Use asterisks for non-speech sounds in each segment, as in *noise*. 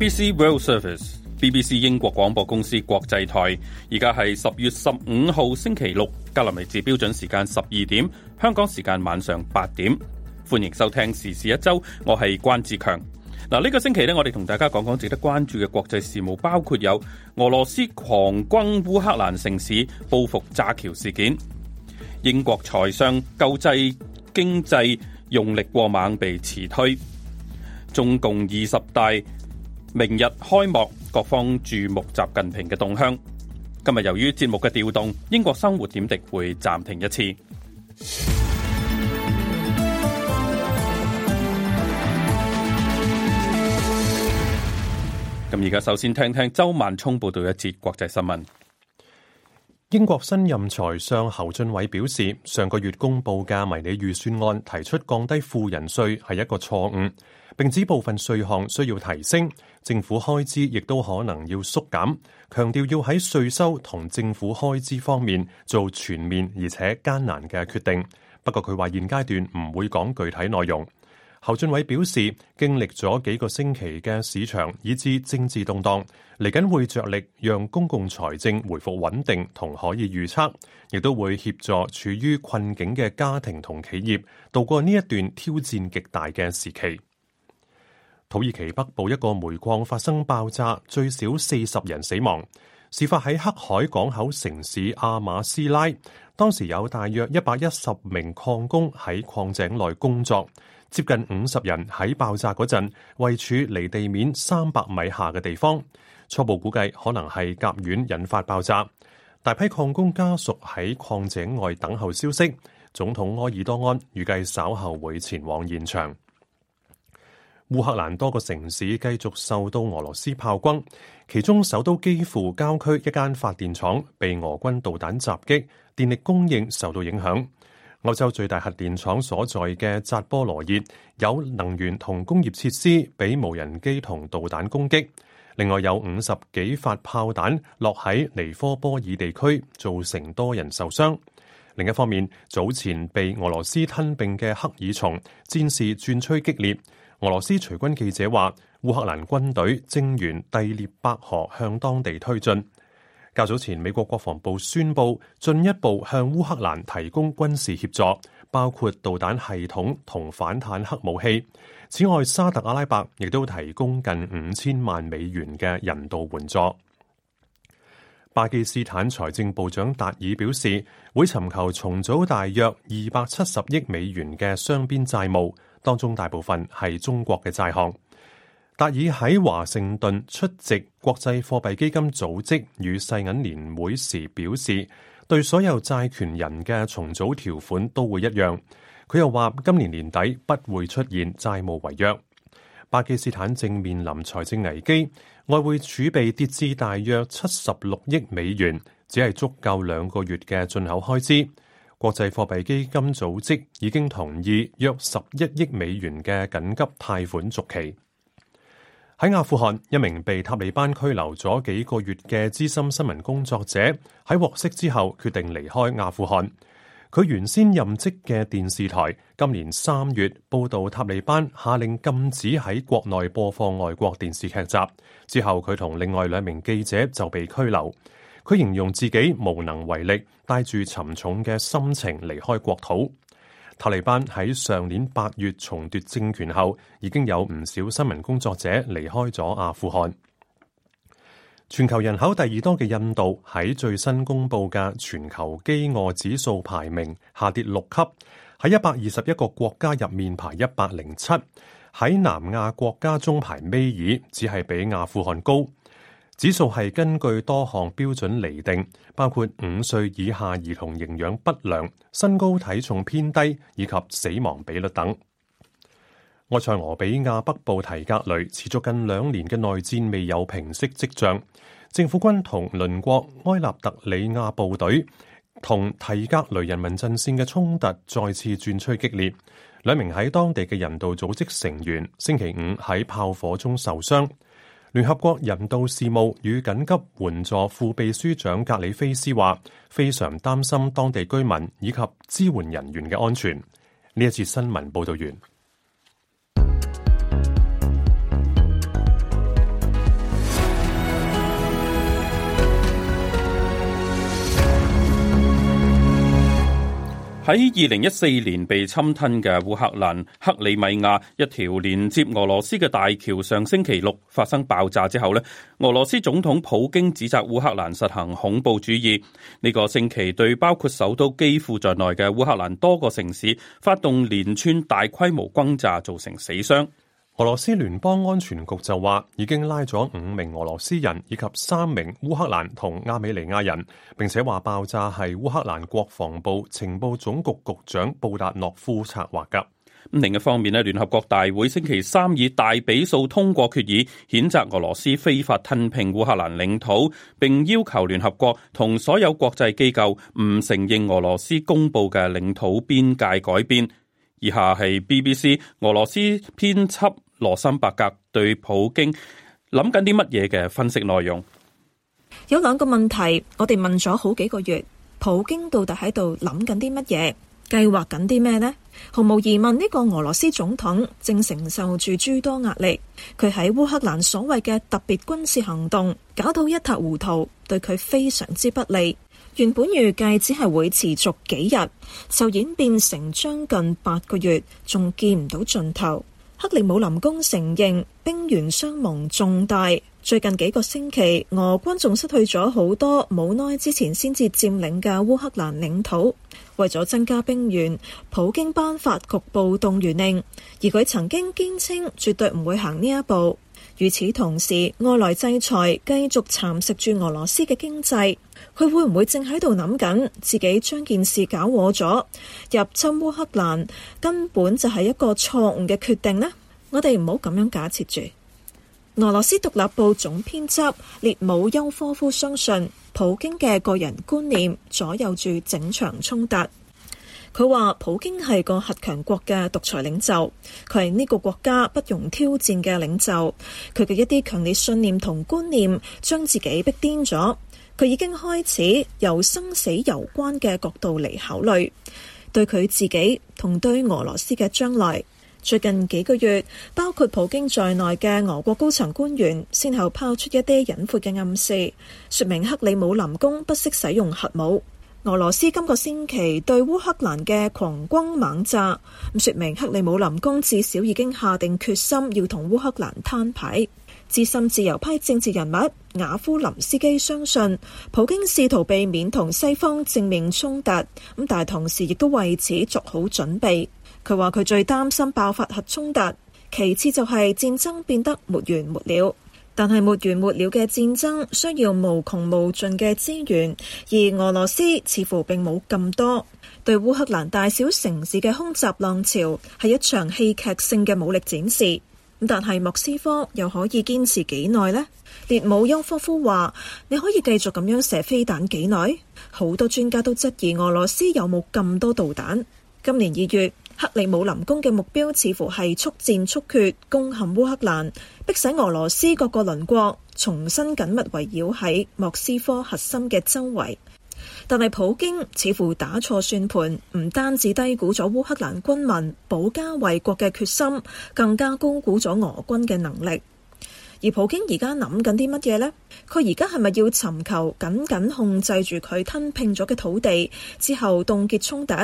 BBC World Service，BBC 英國廣播公司國際台。而家係十月十五號星期六，格林尼治標準時間十二點，香港時間晚上八點。歡迎收聽時事一周，我係關志強。嗱、啊，呢、這個星期咧，我哋同大家講講值得關注嘅國際事務，包括有俄羅斯狂轟烏克蘭城市、報復炸橋事件；英國財相救濟經濟用力過猛被辭退；中共二十大。明日開幕，各方注目習近平嘅動向。今日由於節目嘅調動，英國生活點滴會暫停一次。咁而家首先聽聽周萬聰報道一節國際新聞。英國新任財相侯俊偉表示，上個月公布嘅迷你預算案，提出降低富人稅係一個錯誤。並指部分稅項需要提升，政府開支亦都可能要縮減，強調要喺稅收同政府開支方面做全面而且艱難嘅決定。不過佢話現階段唔會講具體內容。侯俊偉表示，經歷咗幾個星期嘅市場以至政治動盪，嚟緊會着力讓公共財政回復穩定同可以預測，亦都會協助處於困境嘅家庭同企業度過呢一段挑戰極大嘅時期。土耳其北部一個煤礦發生爆炸，最少四十人死亡。事發喺黑海港口城市阿馬斯拉，當時有大約一百一十名礦工喺礦井內工作，接近五十人喺爆炸嗰陣位處離地面三百米下嘅地方。初步估計可能係甲烷引發爆炸。大批礦工家屬喺礦井外等候消息。總統埃爾多安預計稍後會前往現場。烏克蘭多個城市繼續受到俄羅斯炮轟，其中首都基輔郊區一間發電廠被俄軍導彈襲擊，電力供應受到影響。歐洲最大核電廠所在嘅扎波羅熱有能源同工業設施被無人機同導彈攻擊。另外有五十幾發炮彈落喺尼科波爾地區，造成多人受傷。另一方面，早前被俄羅斯吞併嘅赫爾松戰事轉趨激烈。俄羅斯隨軍記者話：烏克蘭軍隊正沿第聶伯河向當地推進。較早前，美國國防部宣布進一步向烏克蘭提供軍事協助，包括導彈系統同反坦克武器。此外，沙特阿拉伯亦都提供近五千萬美元嘅人道援助。巴基斯坦財政部長達爾表示，會尋求重組大約二百七十億美元嘅雙邊債務。當中大部分係中國嘅債項。達爾喺華盛頓出席國際貨幣基金組織與世銀年會時表示，對所有債權人嘅重組條款都會一樣。佢又話，今年年底不會出現債務違約。巴基斯坦正面臨財政危機，外匯儲備跌至大約七十六億美元，只係足夠兩個月嘅進口開支。國際貨幣基金組織已經同意約十一億美元嘅緊急貸款續期。喺阿富汗，一名被塔利班拘留咗幾個月嘅資深新聞工作者喺獲釋之後，決定離開阿富汗。佢原先任職嘅電視台今年三月報道塔利班下令禁止喺國內播放外國電視劇集，之後佢同另外兩名記者就被拘留。佢形容自己無能為力，帶住沉重嘅心情離開國土。塔利班喺上年八月重奪政權後，已經有唔少新聞工作者離開咗阿富汗。全球人口第二多嘅印度喺最新公布嘅全球飢餓指數排名下跌六級，喺一百二十一個國家入面排一百零七，喺南亞國家中排尾二，只係比阿富汗高。指數係根據多項標準厘定，包括五歲以下兒童營養不良、身高體重偏低以及死亡比率等。埃塞俄比亞北部提格雷持續近兩年嘅內戰未有平息跡象，政府軍同鄰國厄立特里亞部隊同提格雷人民陣線嘅衝突再次轉趨激烈。兩名喺當地嘅人道組織成員星期五喺炮火中受傷。聯合國人道事務與緊急援助副秘書長格里菲斯話：非常擔心當地居民以及支援人員嘅安全。呢一次新聞報導完。喺二零一四年被侵吞嘅烏克蘭克里米亞一條連接俄羅斯嘅大橋上星期六發生爆炸之後呢，俄羅斯總統普京指責烏克蘭實行恐怖主義。呢個星期對包括首都基輔在內嘅烏克蘭多個城市發動連串大規模轟炸，造成死傷。俄羅斯聯邦安全局就話已經拉咗五名俄羅斯人以及三名烏克蘭同亞美尼亞人，並且話爆炸係烏克蘭國防部情報總局局長布達諾夫策劃嘅。另一方面咧，聯合國大會星期三以大比數通過決議，譴責俄羅斯非法吞併烏克蘭領土，並要求聯合國同所有國際機構唔承認俄羅斯公佈嘅領土邊界改變。以下係 BBC 俄羅斯編輯羅森伯格對普京諗緊啲乜嘢嘅分析內容，有兩個問題，我哋問咗好幾個月，普京到底喺度諗緊啲乜嘢，計劃緊啲咩呢？毫無疑問，呢個俄羅斯總統正承受住諸多壓力，佢喺烏克蘭所謂嘅特別軍事行動搞到一塌糊塗，對佢非常之不利。原本預計只係會持續幾日，就演變成將近八個月，仲見唔到盡頭。克里姆林宮承認兵員傷亡重大，最近幾個星期俄軍仲失去咗好多，冇耐之前先至佔領嘅烏克蘭領土。為咗增加兵員，普京頒發局部動員令，而佢曾經堅稱絕對唔會行呢一步。與此同時，外來制裁繼續蠶食住俄羅斯嘅經濟。佢會唔會正喺度諗緊自己將件事搞錯咗？入侵烏克蘭根本就係一個錯誤嘅決定呢？我哋唔好咁樣假設住。俄羅斯獨立報總編輯列姆丘科夫相信普京嘅個人觀念左右住整場衝突。佢話普京係個核強國嘅獨裁領袖，佢係呢個國家不容挑戰嘅領袖。佢嘅一啲強烈信念同觀念，將自己逼癲咗。佢已經開始由生死攸關嘅角度嚟考慮，對佢自己同對俄羅斯嘅將來。最近幾個月，包括普京在內嘅俄國高層官員，先後拋出一啲隱晦嘅暗示，説明克里姆林宮不惜使用核武。俄羅斯今個星期對烏克蘭嘅狂轟猛炸，咁説明克里姆林宮至少已經下定決心要同烏克蘭攤牌。資深自，自由派政治人物雅夫林斯基相信，普京試圖避免同西方正面衝突，咁但係同時亦都為此做好準備。佢話佢最擔心爆發核衝突，其次就係戰爭變得沒完沒了。但係沒完沒了嘅戰爭需要無窮無盡嘅資源，而俄羅斯似乎並冇咁多。對烏克蘭大小城市嘅空襲浪潮，係一場戲劇性嘅武力展示。但係莫斯科又可以堅持幾耐呢？列姆丘科夫話，你可以繼續咁樣射飛彈幾耐？好多專家都質疑俄羅斯有冇咁多導彈。今年二月，克里姆林宮嘅目標似乎係速戰速決攻陷烏克蘭，迫使俄羅斯各個鄰國重新緊密圍繞喺莫斯科核心嘅周圍。但係普京似乎打錯算盤，唔單止低估咗烏克蘭軍民保家衛國嘅決心，更加高估咗俄軍嘅能力。而普京而家諗緊啲乜嘢呢？佢而家係咪要尋求緊緊控制住佢吞併咗嘅土地，之後凍結衝突，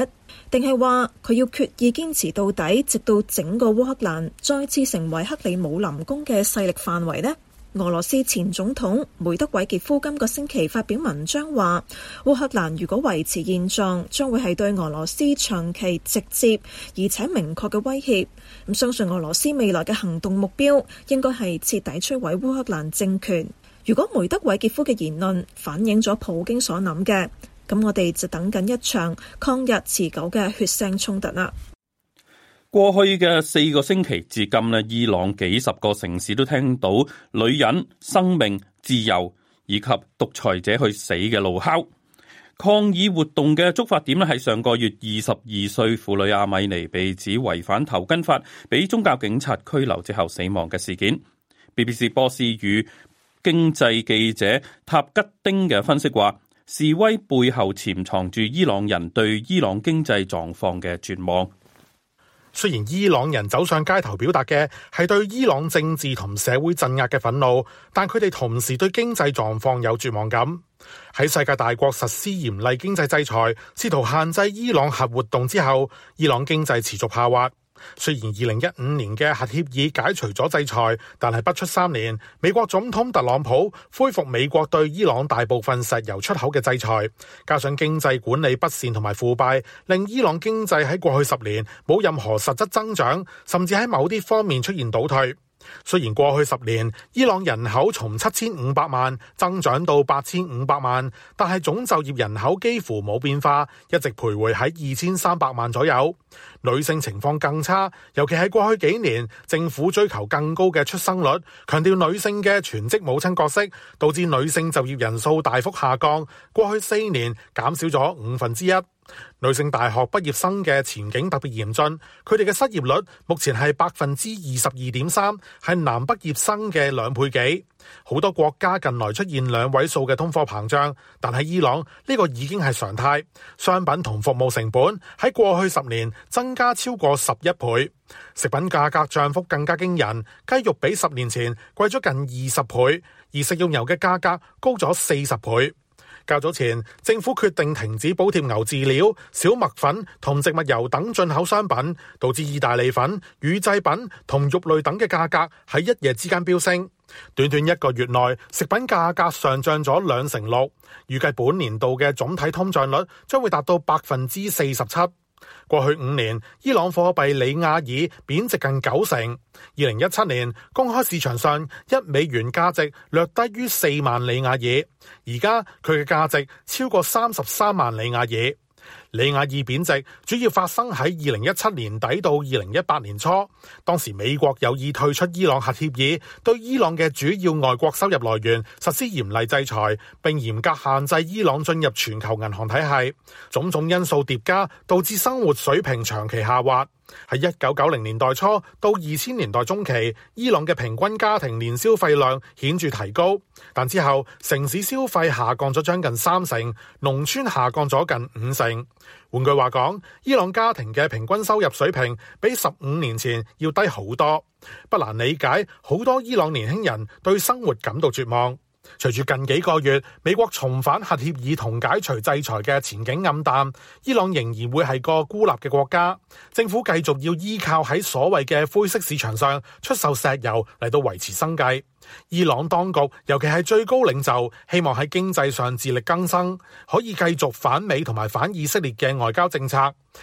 定係話佢要決意堅持到底，直到整個烏克蘭再次成為克里姆林宮嘅勢力範圍呢？俄羅斯前總統梅德韋傑夫今個星期發表文章話，烏克蘭如果維持現狀，將會係對俄羅斯長期直接而且明確嘅威脅。咁相信俄羅斯未來嘅行動目標應該係徹底摧毀烏克蘭政權。如果梅德韋傑夫嘅言論反映咗普京所諗嘅，咁我哋就等緊一場曠日持久嘅血腥衝突啦。過去嘅四個星期至今咧，伊朗幾十個城市都聽到女人、生命、自由以及獨裁者去死嘅怒吼。抗議活動嘅觸發點咧係上個月二十二歲婦女阿米尼被指違反頭巾法，俾宗教警察拘留之後死亡嘅事件。BBC 波斯語經濟記者塔吉丁嘅分析話，示威背後潛藏住伊朗人對伊朗經濟狀況嘅絕望。雖然伊朗人走上街頭表達嘅係對伊朗政治同社會鎮壓嘅憤怒，但佢哋同時對經濟狀況有絕望感。喺世界大國實施嚴厲經濟制裁，試圖限制伊朗核活動之後，伊朗經濟持續下滑。雖然二零一五年嘅核協議解除咗制裁，但係不出三年，美國總統特朗普恢復美國對伊朗大部分石油出口嘅制裁。加上經濟管理不善同埋腐敗，令伊朗經濟喺過去十年冇任何實質增長，甚至喺某啲方面出現倒退。雖然過去十年伊朗人口從七千五百萬增長到八千五百萬，但係總就業人口幾乎冇變化，一直徘徊喺二千三百萬左右。女性情況更差，尤其喺過去幾年，政府追求更高嘅出生率，強調女性嘅全職母親角色，導致女性就業人數大幅下降。過去四年減少咗五分之一。女性大學畢業生嘅前景特別嚴峻，佢哋嘅失業率目前係百分之二十二點三，係男畢業生嘅兩倍幾。好多國家近來出現兩位數嘅通貨膨脹，但喺伊朗呢個已經係常態。商品同服務成本喺過去十年增加超過十一倍，食品價格漲幅更加驚人。雞肉比十年前貴咗近二十倍，而食用油嘅價格高咗四十倍。較早前，政府決定停止補貼牛飼料、小麥粉同植物油等進口商品，導致意大利粉、乳製品同肉類等嘅價格喺一夜之間飆升。短短一個月內，食品價格上漲咗兩成六，預計本年度嘅總體通脹率將會達到百分之四十七。過去五年，伊朗貨幣里亞爾貶值近九成。二零一七年，公開市場上一美元價值略低於四萬里亞爾，而家佢嘅價值超過三十三萬里亞爾。里亞爾貶值主要發生喺二零一七年底到二零一八年初，當時美國有意退出伊朗核協議，對伊朗嘅主要外國收入來源實施嚴厲制裁，並嚴格限制伊朗進入全球銀行體系。種種因素疊加，導致生活水平長期下滑。喺一九九零年代初到二千年代中期，伊朗嘅平均家庭年消費量顯著提高，但之後城市消費下降咗將近三成，農村下降咗近五成。換句話講，伊朗家庭嘅平均收入水平比十五年前要低好多，不難理解。好多伊朗年輕人對生活感到絕望。隨住近幾個月，美國重返核協議同解除制裁嘅前景暗淡，伊朗仍然會係個孤立嘅國家。政府繼續要依靠喺所謂嘅灰色市場上出售石油嚟到維持生計。伊朗當局，尤其係最高領袖，希望喺經濟上自力更生，可以繼續反美同埋反以色列嘅外交政策。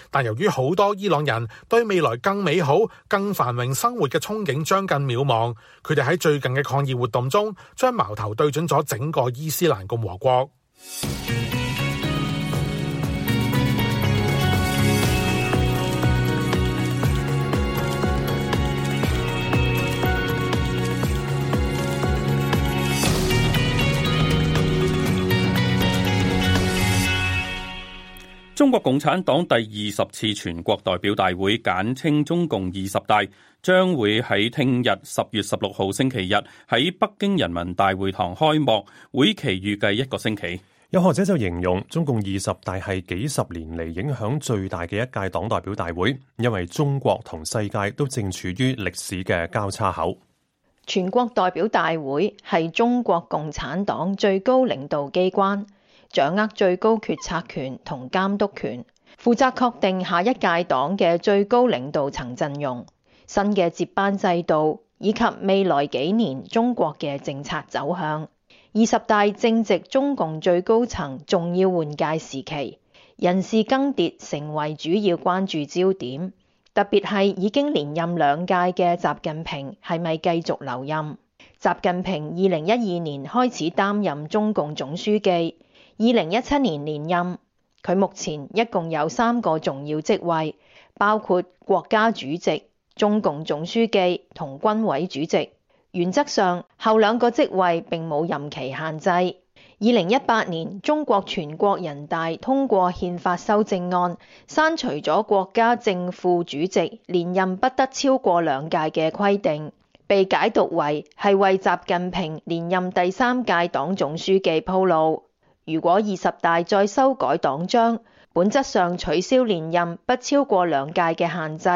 但由於好多伊朗人對未來更美好、更繁榮生活嘅憧憬將近渺茫，佢哋喺最近嘅抗議活動中，將矛頭對準咗整個伊斯蘭共和國。中國共產黨第二十次全國代表大會（簡稱中共二十大）將會喺聽日十月十六號星期日喺北京人民大會堂開幕，會期預計一個星期。有學者就形容中共二十大係幾十年嚟，影響最大嘅一屆黨代表大會，因為中國同世界都正處於歷史嘅交叉口。全國代表大會係中國共產黨最高領導機關。掌握最高決策權同監督權，負責確定下一屆黨嘅最高領導層陣容、新嘅接班制度以及未來幾年中國嘅政策走向。二十大正值中共最高層重要換屆時期，人事更迭成為主要關注焦點，特別係已經連任兩屆嘅習近平係咪繼續留任？習近平二零一二年開始擔任中共總書記。二零一七年連任，佢目前一共有三個重要職位，包括國家主席、中共總書記同軍委主席。原則上，後兩個職位並冇任期限制。二零一八年，中國全國人大通過憲法修正案，刪除咗國家正副主席連任不得超過兩屆嘅規定，被解讀為係為習近平連任第三屆黨總書記鋪路。如果二十大再修改黨章，本質上取消連任不超過兩屆嘅限制，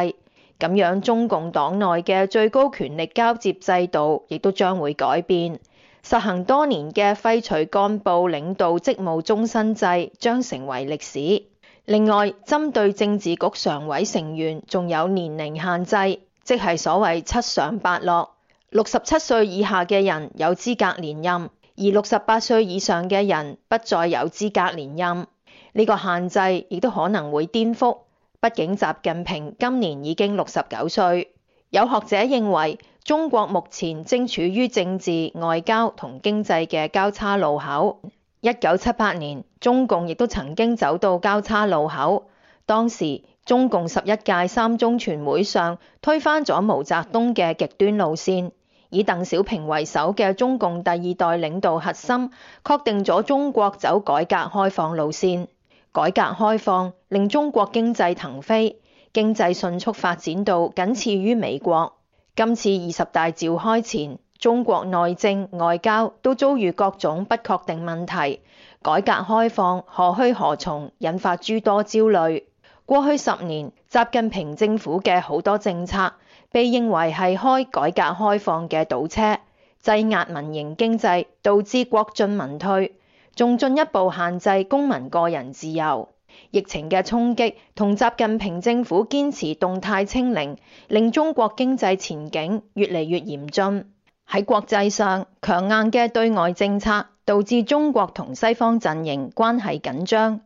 咁樣中共黨內嘅最高權力交接制度亦都將會改變，實行多年嘅廢除幹部領導職務終身制將成為歷史。另外，針對政治局常委成員，仲有年齡限制，即係所謂七上八落，六十七歲以下嘅人有資格連任。而六十八歲以上嘅人不再有資格連任，呢個限制亦都可能會顛覆。畢竟習近平今年已經六十九歲。有學者認為，中國目前正處於政治、外交同經濟嘅交叉路口。一九七八年，中共亦都曾經走到交叉路口，當時中共十一屆三中全會上推翻咗毛澤東嘅極端路線。以鄧小平為首嘅中共第二代領導核心，確定咗中國走改革開放路線。改革開放令中國經濟騰飛，經濟迅速發展到僅次於美國。今次二十大召開前，中國內政外交都遭遇各種不確定問題。改革開放何去何從，引發諸多焦慮。過去十年，習近平政府嘅好多政策。被認為係開改革開放嘅倒車，擠壓民營經濟，導致國進民退，仲進一步限制公民個人自由。疫情嘅衝擊同習近平政府堅持動態清零，令中國經濟前景越嚟越嚴峻。喺國際上，強硬嘅對外政策導致中國同西方陣營關係緊張，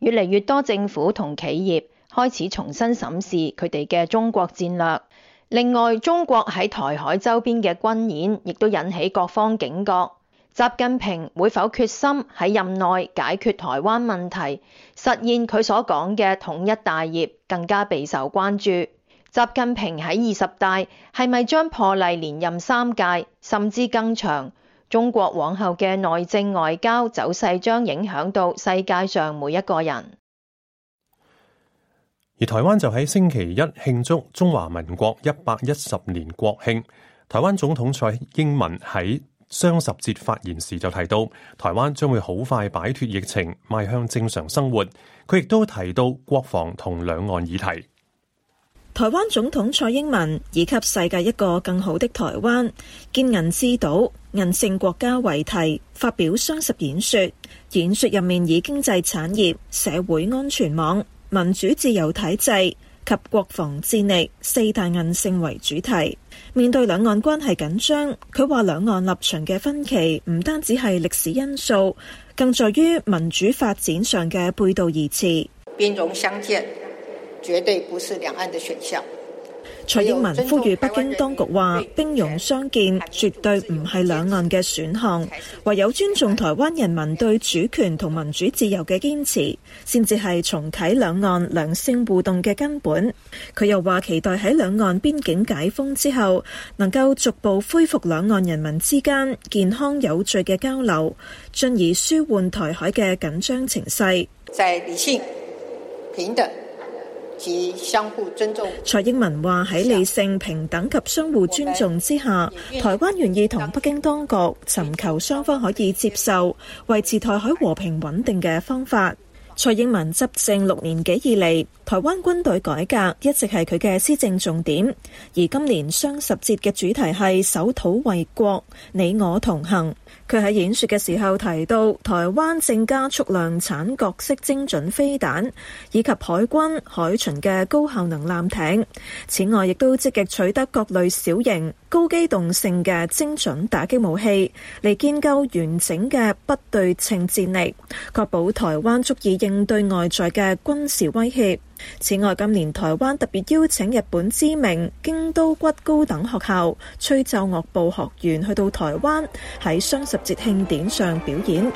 越嚟越多政府同企業開始重新審視佢哋嘅中國戰略。另外，中國喺台海周邊嘅軍演，亦都引起各方警覺。習近平會否決心喺任內解決台灣問題，實現佢所講嘅統一大業，更加備受關注。習近平喺二十大係咪將破例連任三屆，甚至更長？中國往後嘅內政外交走勢，將影響到世界上每一個人。而台灣就喺星期一慶祝中華民國一百一十年國慶。台灣總統蔡英文喺雙十節發言時就提到，台灣將會好快擺脫疫情，邁向正常生活。佢亦都提到國防同兩岸議題。台灣總統蔡英文以給世界一個更好的台灣、堅韌之島、韌性國家為題發表雙十演說。演說入面以經濟產業、社會安全網，民主自由體制及國防戰力四大韌性為主題，面對兩岸關係緊張，佢話兩岸立場嘅分歧唔單止係歷史因素，更在於民主發展上嘅背道而馳。兵戎相見絕對不是兩岸嘅選項。蔡英文呼籲北京當局話：兵戎相見絕對唔係兩岸嘅選項，唯有尊重台灣人民對主權同民主自由嘅堅持，先至係重啟兩岸良性互動嘅根本。佢又話：期待喺兩岸邊境解封之後，能夠逐步恢復兩岸人民之間健康有序嘅交流，進而舒緩台海嘅緊張情勢。在理性、平等。相互尊重。蔡英文話喺理性、平等及相互尊重之下，台灣願意同北京當局尋求雙方可以接受、維持台海和平穩定嘅方法。蔡英文執政六年幾以嚟。台灣軍隊改革一直係佢嘅施政重點，而今年雙十節嘅主題係守土衛國，你我同行。佢喺演説嘅時候提到，台灣正加速量產各式精準飛彈，以及海軍海巡嘅高效能艦艇。此外，亦都積極取得各類小型高機動性嘅精準打擊武器，嚟建構完整嘅不對稱戰力，確保台灣足以應對外在嘅軍事威脅。此外，今年台灣特別邀請日本知名京都骨高等學校吹奏樂部學員去到台灣，喺雙十節慶典上表演。 *music*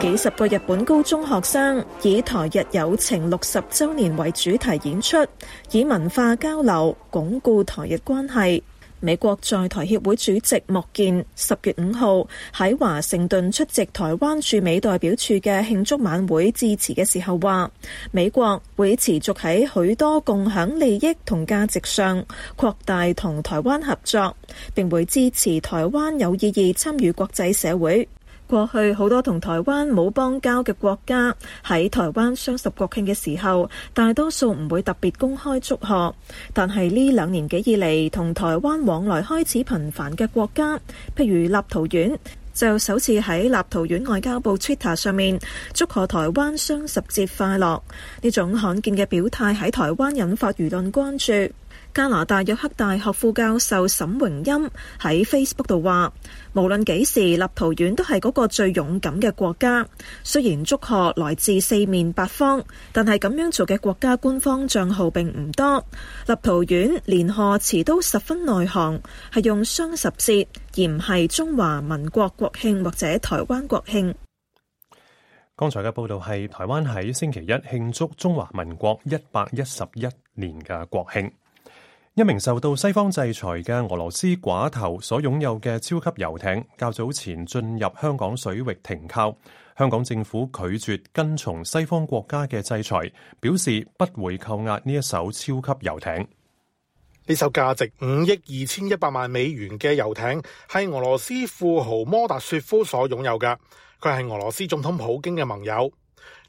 幾十個日本高中學生以台日友情六十周年為主題演出，以文化交流鞏固台日關係。美國在台協會主席莫健十月五號喺華盛頓出席台灣駐美代表處嘅慶祝晚會致辭嘅時候話，美國會持續喺許多共享利益同價值上擴大同台灣合作，並會支持台灣有意義參與國際社會。過去好多同台灣冇邦交嘅國家喺台灣雙十國慶嘅時候，大多數唔會特別公開祝賀。但係呢兩年幾以嚟，同台灣往來開始頻繁嘅國家，譬如立陶宛，就首次喺立陶宛外交部 Twitter 上面祝賀台灣雙十節快樂。呢種罕見嘅表態喺台灣引發輿論關注。加拿大約克大學副教授沈榮欽喺 Facebook 度話，無論幾時，立陶宛都係嗰個最勇敢嘅國家。雖然祝賀來自四面八方，但係咁樣做嘅國家官方賬號並唔多。立陶宛連賀詞都十分內行，係用雙十節，而唔係中華民國國慶或者台灣國慶。剛才嘅報道係台灣喺星期一慶祝中華民國一百一十一年嘅國慶。一名受到西方制裁嘅俄羅斯寡頭所擁有嘅超級遊艇，較早前進入香港水域停靠。香港政府拒絕跟從西方國家嘅制裁，表示不會扣押呢一艘超級遊艇。呢艘價值五億二千一百萬美元嘅遊艇係俄羅斯富豪摩達雪夫所擁有噶，佢係俄羅斯總統普京嘅盟友。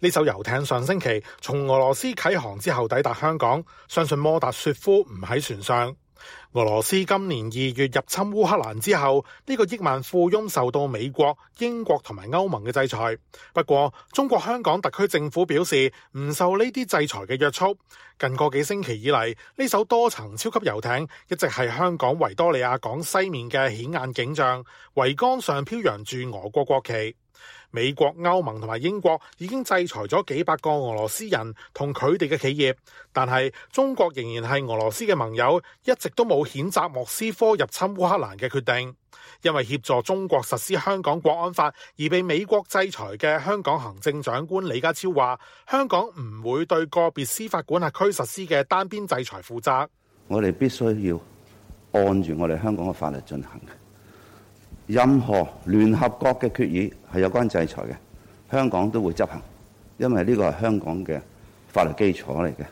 呢艘遊艇上星期從俄羅斯啟航之後抵達香港，相信摩達雪夫唔喺船上。俄羅斯今年二月入侵烏克蘭之後，呢、這個億萬富翁受到美國、英國同埋歐盟嘅制裁。不過，中國香港特區政府表示唔受呢啲制裁嘅約束。近個幾星期以嚟，呢艘多層超級遊艇一直係香港維多利亞港西面嘅顯眼景象，桅杆上飄揚住俄，俄國國旗。美國、歐盟同埋英國已經制裁咗幾百個俄羅斯人同佢哋嘅企業，但係中國仍然係俄羅斯嘅盟友，一直都冇譴責莫斯科入侵烏克蘭嘅決定。因為協助中國實施香港國安法而被美國制裁嘅香港行政長官李家超話：香港唔會對個別司法管轄區實施嘅單邊制裁負責。我哋必須要按住我哋香港嘅法律進行。任何聯合國嘅決議係有關制裁嘅，香港都會執行，因為呢個係香港嘅法律基礎嚟嘅。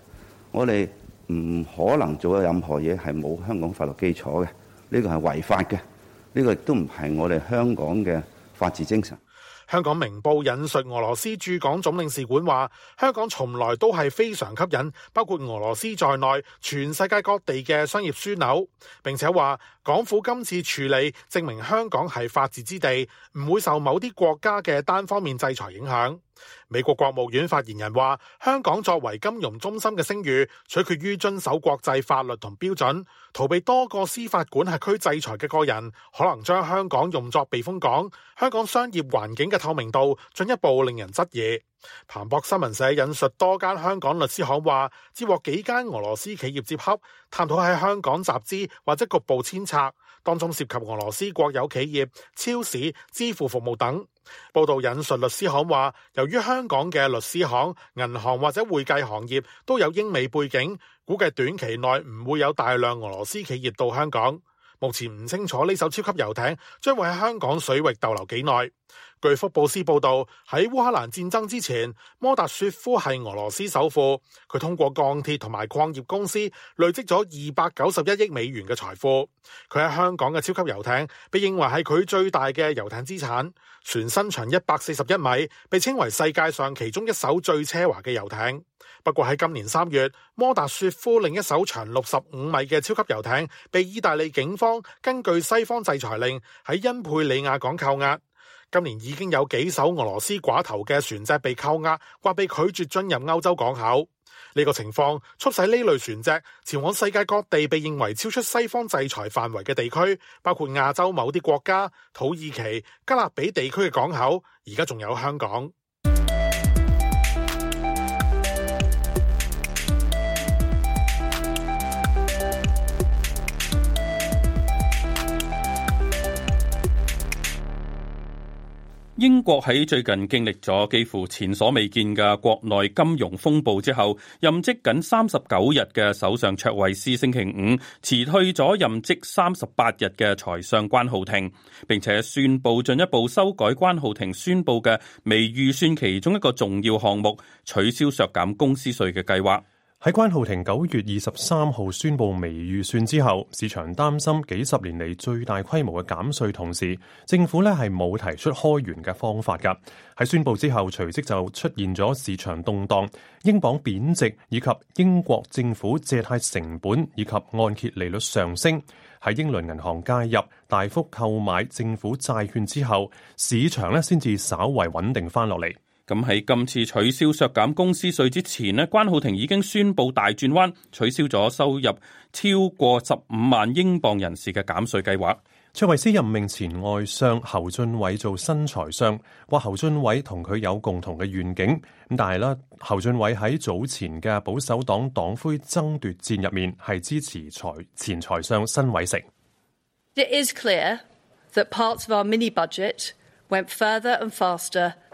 我哋唔可能做有任何嘢係冇香港法律基礎嘅，呢個係違法嘅，呢個亦都唔係我哋香港嘅法治精神。香港明報引述俄羅斯駐港總領事館話，香港從來都係非常吸引，包括俄羅斯在內全世界各地嘅商業樞紐。並且話。港府今次處理證明香港係法治之地，唔會受某啲國家嘅單方面制裁影響。美國國務院發言人話，香港作為金融中心嘅聲譽，取決於遵守國際法律同標準。逃避多個司法管轄區制裁嘅個人，可能將香港用作避風港，香港商業環境嘅透明度進一步令人質疑。彭博新聞社引述多間香港律師行話，接獲幾間俄羅斯企業接洽，探討喺香港集資或者局部遷冊，當中涉及俄羅斯國有企業、超市、支付服務等。報道引述律師行話，由於香港嘅律師行、銀行或者會計行業都有英美背景，估計短期內唔會有大量俄羅斯企業到香港。目前唔清楚呢艘超級遊艇將會喺香港水域逗留幾耐。據福布斯報道，喺烏克蘭戰爭之前，摩達雪夫係俄羅斯首富，佢通過鋼鐵同埋礦業公司累積咗二百九十一億美元嘅財富。佢喺香港嘅超級遊艇被認為係佢最大嘅遊艇資產，船身長一百四十一米，被稱為世界上其中一艘最奢華嘅遊艇。不過喺今年三月，摩達雪夫另一艘長六十五米嘅超級遊艇被意大利警方根據西方制裁令喺因佩里亞港扣押。今年已經有幾艘俄羅斯寡頭嘅船隻被扣押或被拒絕進入歐洲港口。呢個情況促使呢類船隻前往世界各地被認為超出西方制裁範圍嘅地區，包括亞洲某啲國家、土耳其、加勒比地區嘅港口，而家仲有香港。英國喺最近經歷咗幾乎前所未見嘅國內金融風暴之後，任職僅三十九日嘅首相卓慧思星期五辭退咗任職三十八日嘅財相關浩庭，並且宣布進一步修改關浩庭宣布嘅未預算其中一個重要項目，取消削減公司稅嘅計劃。喺關浩庭九月二十三號宣布微預算之後，市場擔心幾十年嚟最大規模嘅減稅，同時政府呢係冇提出開源嘅方法噶。喺宣布之後，隨即就出現咗市場動盪、英鎊貶值以及英國政府借貸成本以及按揭利率上升。喺英倫銀行介入大幅購買政府債券之後，市場呢先至稍為穩定翻落嚟。咁喺今次取消削減公司稅之前咧，關浩庭已經宣布大轉彎，取消咗收入超過十五萬英鎊人士嘅減稅計劃。卓惠斯任命前外相侯俊偉做新財相，話侯俊偉同佢有共同嘅願景。咁但係啦，侯俊偉喺早前嘅保守黨黨魁爭奪戰入面係支持財前財相新偉成。It is clear that parts of our mini budget went further and faster.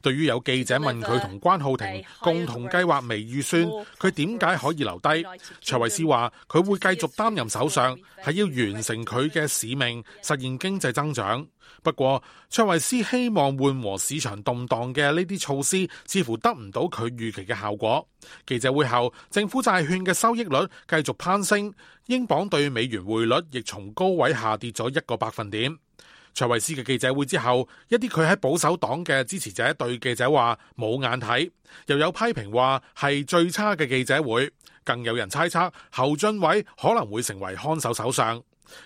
對於有記者問佢同關浩庭共同計劃未預算，佢點解可以留低？卓慧思話：佢會繼續擔任首相，係要完成佢嘅使命，實現經濟增長。不過，卓慧思希望緩和市場動盪嘅呢啲措施，似乎得唔到佢預期嘅效果。記者會後，政府債券嘅收益率繼續攀升，英鎊兌美元匯率亦從高位下跌咗一個百分點。卓維斯嘅記者會之後，一啲佢喺保守黨嘅支持者對記者話冇眼睇，又有批評話係最差嘅記者會，更有人猜測侯俊偉可能會成為看守首相。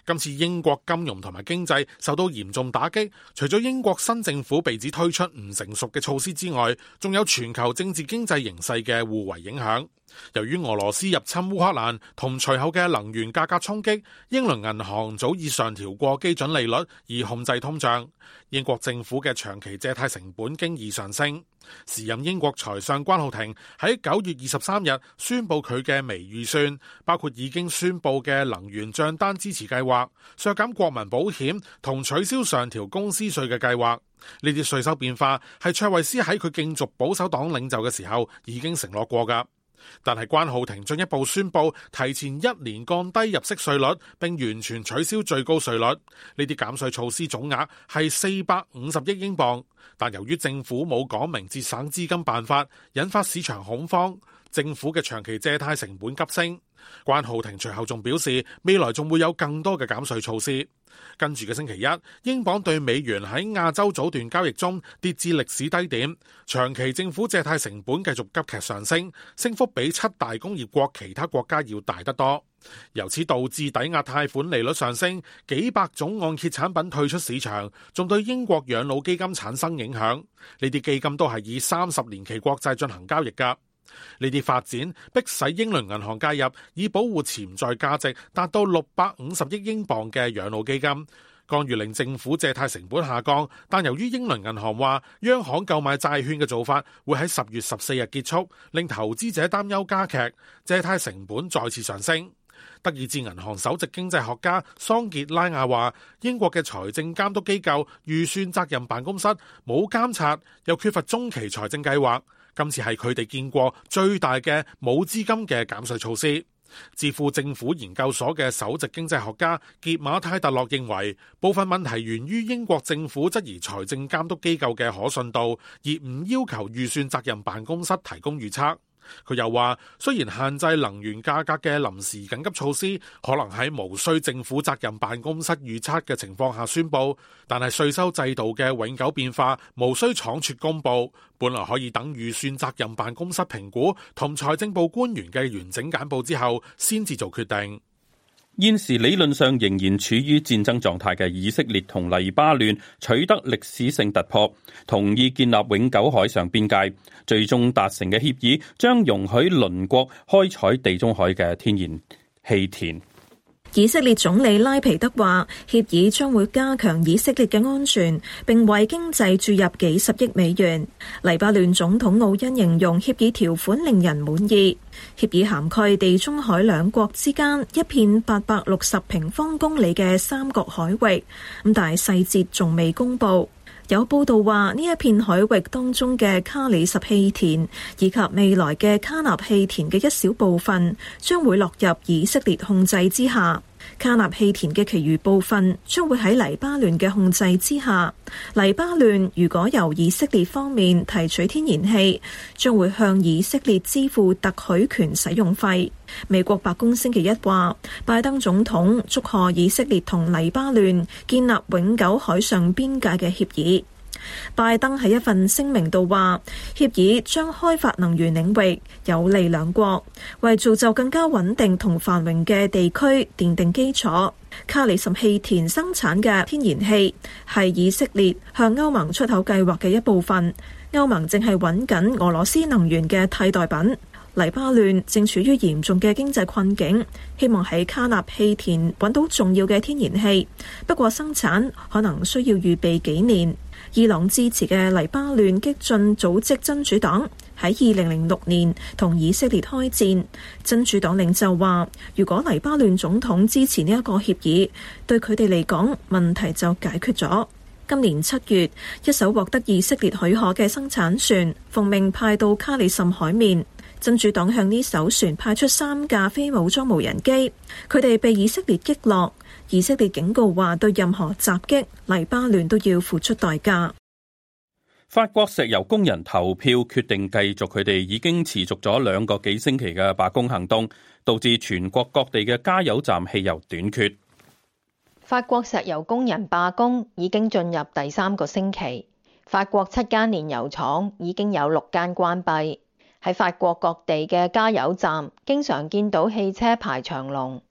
今次英國金融同埋經濟受到嚴重打擊，除咗英國新政府被指推出唔成熟嘅措施之外，仲有全球政治經濟形勢嘅互為影響。由於俄羅斯入侵烏克蘭同隨後嘅能源價格衝擊，英倫銀行早已上調過基準利率而控制通脹，英國政府嘅長期借貸成本經已上升。時任英國財相關浩庭喺九月二十三日宣布佢嘅微預算，包括已經宣布嘅能源賬單支持計劃、削減國民保險同取消上調公司稅嘅計劃。呢啲稅收變化係卓慧思喺佢競逐保守黨領袖嘅時候已經承諾過噶。但係關浩庭進一步宣布，提前一年降低入息稅率，並完全取消最高稅率。呢啲減稅措施總額係四百五十億英鎊，但由於政府冇講明節省資金辦法，引發市場恐慌，政府嘅長期借貸成本急升。關浩庭隨後仲表示，未來仲會有更多嘅減稅措施。跟住嘅星期一，英鎊對美元喺亞洲早段交易中跌至歷史低點，長期政府借貸成本繼續急劇上升，升幅比七大工業國其他國家要大得多。由此導致抵押貸款利率上升，幾百種按揭產品退出市場，仲對英國養老基金產生影響。呢啲基金都係以三十年期國債進行交易㗎。呢啲發展迫使英倫銀行介入，以保護潛在價值達到六百五十億英鎊嘅養老基金。降月令政府借貸成本下降，但由於英倫銀行話央行購買債券嘅做法會喺十月十四日結束，令投資者擔憂加劇，借貸成本再次上升。德意志銀行首席經濟學家桑傑拉亞話：英國嘅財政監督機構預算責任辦公室冇監察，又缺乏中期財政計劃。今次係佢哋見過最大嘅冇資金嘅減稅措施。自負政府研究所嘅首席經濟學家傑馬泰特洛認為，部分問題源於英國政府質疑財政監督機構嘅可信度，而唔要求預算責任辦公室提供預測。佢又話：雖然限制能源價格嘅臨時緊急措施可能喺無需政府責任辦公室預測嘅情況下宣布，但係稅收制度嘅永久變化無需倉促公布。本來可以等預算責任辦公室評估同財政部官員嘅完整簡報之後，先至做決定。現時理論上仍然處於戰爭狀態嘅以色列同黎巴嫩取得歷史性突破，同意建立永久海上邊界，最終達成嘅協議將容許鄰國開採地中海嘅天然氣田。以色列總理拉皮德話：協議將會加強以色列嘅安全，並為經濟注入幾十億美元。黎巴嫩總統奧恩形容協議條款令人滿意。協議涵蓋地中海兩國之間一片八百六十平方公里嘅三角海域，咁但係細節仲未公布。有報道話，呢一片海域當中嘅卡里什氣田，以及未來嘅卡納氣田嘅一小部分，將會落入以色列控制之下。卡納氣田嘅其餘部分將會喺黎巴嫩嘅控制之下。黎巴嫩如果由以色列方面提取天然氣，將會向以色列支付特許權使用費。美國白宮星期一話，拜登總統祝賀以色列同黎巴嫩建立永久海上邊界嘅協議。拜登喺一份聲明度話，協議將開發能源領域有利兩國，為造就更加穩定同繁榮嘅地區奠定基礎。卡里什氣田生產嘅天然氣係以色列向歐盟出口計劃嘅一部分，歐盟正係揾緊俄羅斯能源嘅替代品。黎巴嫩正處於嚴重嘅經濟困境，希望喺卡納氣田搵到重要嘅天然氣，不過生產可能需要預備幾年。伊朗支持嘅黎巴嫩激進組織真主黨喺二零零六年同以色列開戰，真主黨領袖話：如果黎巴嫩總統支持呢一個協議，對佢哋嚟講問題就解決咗。今年七月，一艘獲得以色列許可嘅生產船奉命派到卡里什海面。真主黨向呢艘船派出三架非武裝無人機，佢哋被以色列擊落。以色列警告話，對任何襲擊黎巴嫩都要付出代價。法國石油工人投票決定繼續佢哋已經持續咗兩個幾星期嘅罷工行動，導致全國各地嘅加油站汽油短缺。法國石油工人罷工已經進入第三個星期，法國七間煉油廠已經有六間關閉。喺法國各地嘅加油站，經常見到汽車排長龍。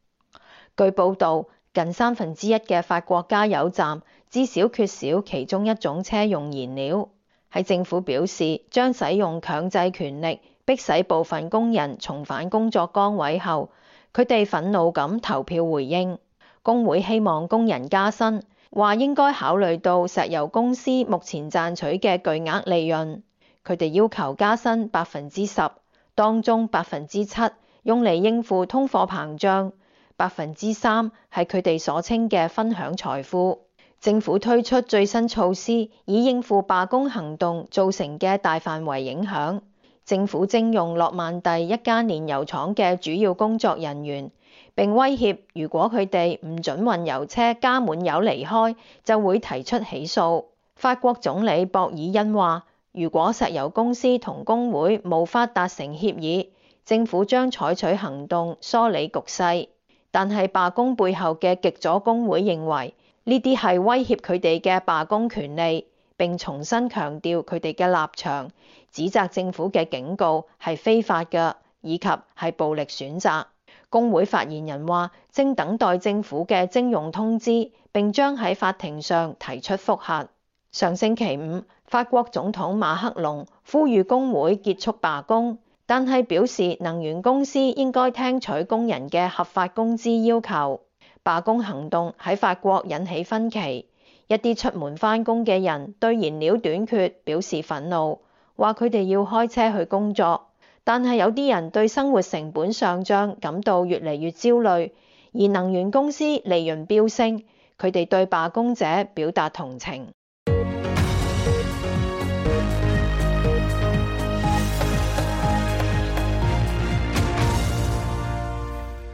據報道，近三分之一嘅法國加油站至少缺少其中一種車用燃料。喺政府表示，將使用強制權力逼使部分工人重返工作崗位後，佢哋憤怒咁投票回應。工會希望工人加薪，話應該考慮到石油公司目前賺取嘅巨額利潤。佢哋要求加薪百分之十，當中百分之七用嚟應付通貨膨脹，百分之三係佢哋所稱嘅分享財富。政府推出最新措施，以應付罷工行動造成嘅大範圍影響。政府徵用諾曼第一間煉油廠嘅主要工作人員，並威脅如果佢哋唔准運油車加滿油離開，就會提出起訴。法國總理博爾恩話。如果石油公司同工會無法達成協議，政府將採取行動梳理局勢。但係罷工背後嘅極左工會認為呢啲係威脅佢哋嘅罷工權利，並重新強調佢哋嘅立場，指責政府嘅警告係非法嘅，以及係暴力選擇。工會發言人話，正等待政府嘅徵用通知，並將喺法庭上提出覆核。上星期五，法國總統馬克龍呼籲工會結束罷工，但係表示能源公司應該聽取工人嘅合法工資要求。罷工行動喺法國引起分歧，一啲出門返工嘅人對燃料短缺表示憤怒，話佢哋要開車去工作，但係有啲人對生活成本上漲感到越嚟越焦慮，而能源公司利潤飆升，佢哋對罷工者表達同情。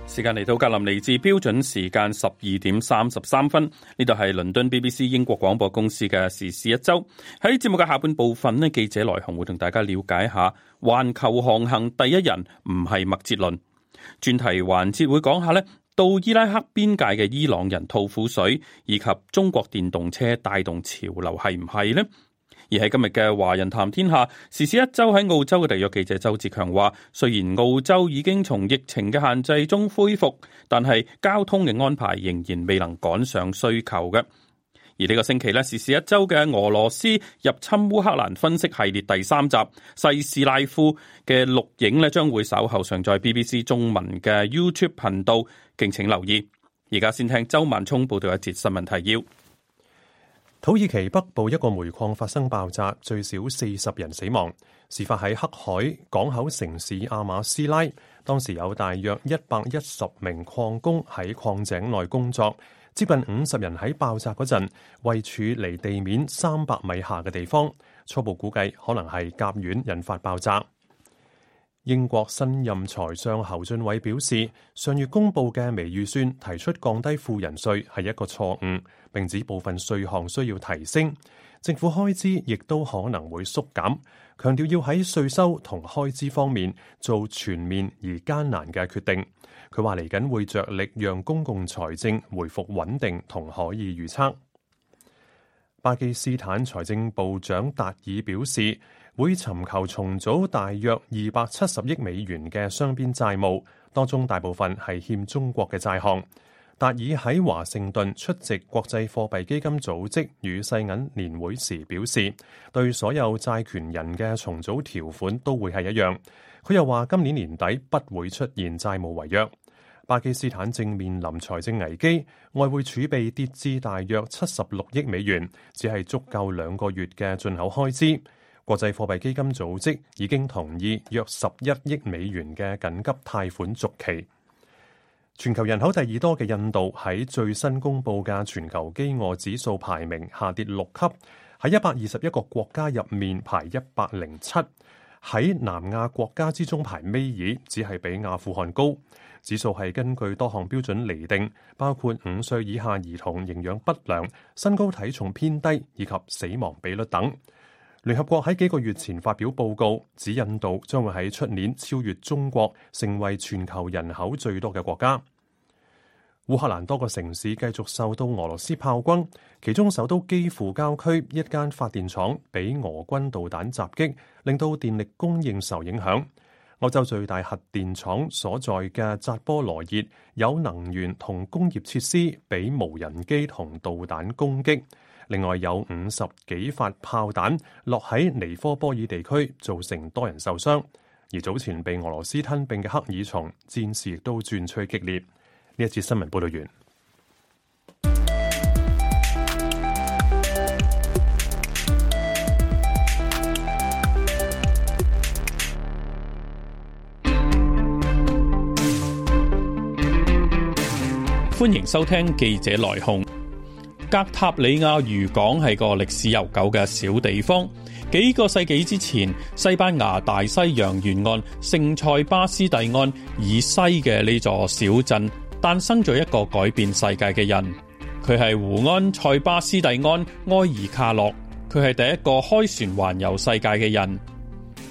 時間嚟到格林尼治標準時間十二點三十三分，呢度係倫敦 BBC 英國廣播公司嘅時事一周。喺節目嘅下半部分呢，記者來鴻會同大家了解下環球航行第一人唔係麥哲倫。專題環節會講下呢，到伊拉克邊界嘅伊朗人吐苦水，以及中國電動車帶動潮流係唔係呢？而喺今日嘅華人談天下，時事一周喺澳洲嘅地約記者周志強話，雖然澳洲已經從疫情嘅限制中恢復，但係交通嘅安排仍然未能趕上需求嘅。而呢個星期呢，時事一周嘅俄羅斯入侵烏克蘭分析系列第三集，西斯拉夫嘅錄影咧將會稍後上載 BBC 中文嘅 YouTube 頻道，敬請留意。而家先聽周萬聰報道一節新聞提要。土耳其北部一個煤礦發生爆炸，最少四十人死亡。事發喺黑海港口城市阿馬斯拉，當時有大約一百一十名礦工喺礦井內工作，接近五十人喺爆炸嗰陣位處離地面三百米下嘅地方。初步估計，可能係甲烷引發爆炸。英國新任財相侯俊偉表示，上月公布嘅微預算提出降低富人稅係一個錯誤，並指部分稅項需要提升，政府開支亦都可能會縮減。強調要喺稅收同開支方面做全面而艱難嘅決定。佢話嚟緊會着力讓公共財政回復穩定同可以預測。巴基斯坦財政部長達爾表示，會尋求重組大約二百七十億美元嘅雙邊債務，當中大部分係欠中國嘅債項。達爾喺華盛頓出席國際貨幣基金組織與世銀年會時表示，對所有債權人嘅重組條款都會係一樣。佢又話，今年年底不會出現債務違約。巴基斯坦正面臨財政危機，外匯儲備跌至大約七十六億美元，只係足夠兩個月嘅進口開支。國際貨幣基金組織已經同意約十一億美元嘅緊急貸款續期。全球人口第二多嘅印度喺最新公布嘅全球饑餓指數排名下跌六級，喺一百二十一個國家入面排一百零七，喺南亞國家之中排尾二，只係比阿富汗高。指數係根據多項標準釐定，包括五歲以下兒童營養不良、身高體重偏低以及死亡比率等。聯合國喺幾個月前發表報告，指印度將會喺出年超越中國，成為全球人口最多嘅國家。烏克蘭多個城市繼續受到俄羅斯炮轟，其中首都基輔郊區一間發電廠俾俄軍導彈襲擊，令到電力供應受影響。歐洲最大核電廠所在嘅扎波羅熱有能源同工業設施俾無人機同導彈攻擊，另外有五十幾發炮彈落喺尼科波爾地區，造成多人受傷。而早前被俄羅斯吞併嘅赫爾松戰事亦都轉趨激烈。呢一節新聞報道完。歡迎收聽記者來鴻。格塔里亞漁港係個歷史悠久嘅小地方。幾個世紀之前，西班牙大西洋沿岸聖塞巴斯蒂安以西嘅呢座小鎮，誕生咗一個改變世界嘅人。佢係胡安塞巴斯蒂安埃爾卡洛。佢係第一個開船環遊世界嘅人。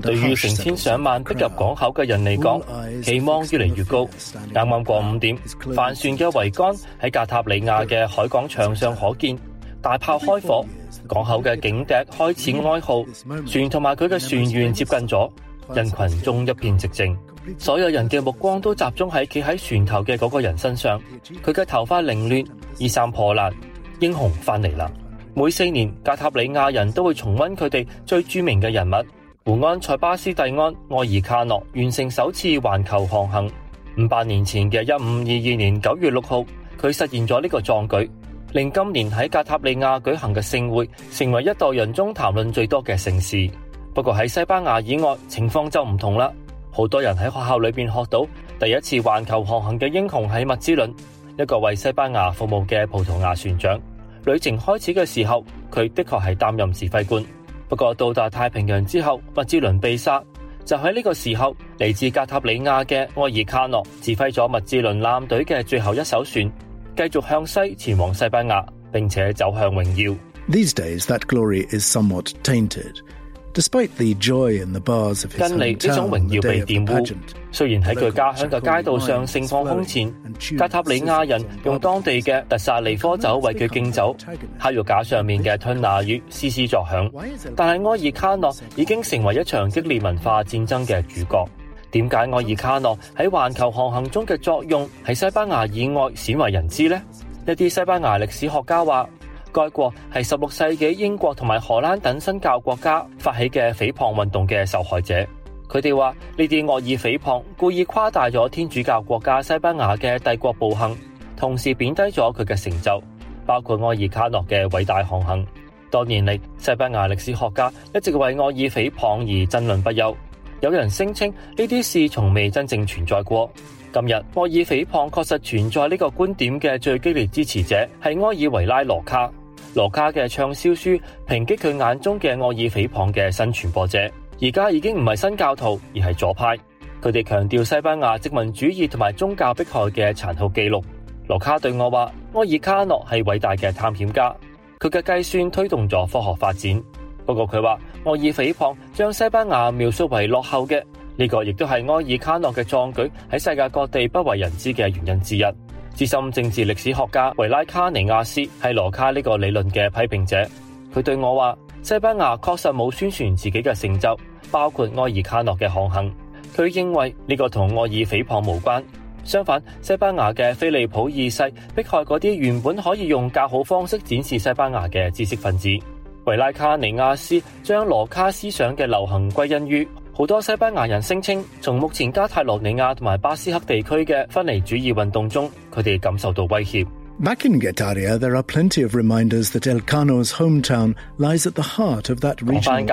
對於成千上萬逼入港口嘅人嚟講，期望越嚟越高。啱啱過五點，帆船嘅桅杆喺格塔里亞嘅海港牆上可見。大炮開火，港口嘅警笛開始哀號。船同埋佢嘅船員接近咗，人群中一片寂靜。所有人嘅目光都集中喺企喺船頭嘅嗰個人身上。佢嘅頭髮凌亂，衣衫破爛，英雄翻嚟啦！每四年，加塔利亞人都會重温佢哋最著名嘅人物胡安·塞巴斯蒂安·愛爾卡諾完成首次環球航行。五百年前嘅一五二二年九月六號，佢實現咗呢個壯舉，令今年喺加塔利亞舉行嘅盛會成為一代人中談論最多嘅盛事。不過喺西班牙以外，情況就唔同啦。好多人喺學校裏邊學到第一次環球航行嘅英雄係麥哲倫，一個為西班牙服務嘅葡萄牙船長。旅程開始嘅時候，佢的確係擔任指揮官。不過到達太平洋之後，麥哲倫被殺，就喺呢個時候，嚟自格塔里亞嘅愛爾卡諾指揮咗麥哲倫艦隊嘅最後一艘船，繼續向西前往西班牙，並且走向榮耀。These days, that glory is somewhat tainted. 近嚟呢種榮耀被玷污。雖然喺佢家鄉嘅街道上盛放空前，加塔里亞人用當地嘅特薩利科酒為佢敬酒，烤肉架上面嘅吞拿魚嘶嘶作響。但係埃爾卡諾已經成為一場激烈文化戰爭嘅主角。點解埃爾卡諾喺環球航行中嘅作用喺西班牙以外鮮為人知呢？一啲西班牙歷史學家話。該國係十六世紀英國同埋荷蘭等新教國家發起嘅誹謗運動嘅受害者。佢哋話呢啲惡意誹謗故意誇大咗天主教國家西班牙嘅帝國暴行，同時貶低咗佢嘅成就，包括埃爾卡諾嘅偉大航行。多年嚟，西班牙歷史學家一直為惡意誹謗而爭論不休。有人聲稱呢啲事從未真正存在過。今日惡意誹謗確實存在呢個觀點嘅最激烈支持者係埃爾維拉羅卡。羅卡嘅暢銷書抨擊佢眼中嘅愛爾誹謗嘅新傳播者，而家已經唔係新教徒，而係左派。佢哋強調西班牙殖民主義同埋宗教迫害嘅殘酷記錄。羅卡對我話：埃爾卡諾係偉大嘅探險家，佢嘅計算推動咗科學發展。不過佢話愛爾誹謗將西班牙描述為落後嘅，呢、這個亦都係埃爾卡諾嘅壯舉喺世界各地不為人知嘅原因之一。資深政治歷史學家維拉卡尼亞斯係羅卡呢個理論嘅批評者，佢對我話：西班牙確實冇宣傳自己嘅成就，包括埃爾卡諾嘅航行。佢認為呢個同惡意誹謗無關，相反，西班牙嘅菲利普二世迫害嗰啲原本可以用較好方式展示西班牙嘅知識分子。維拉卡尼亞斯將羅卡思想嘅流行歸因於。好多西班牙人聲稱，從目前加泰羅尼亞同埋巴斯克地區嘅分離主義運動中，佢哋感受到威脅。在加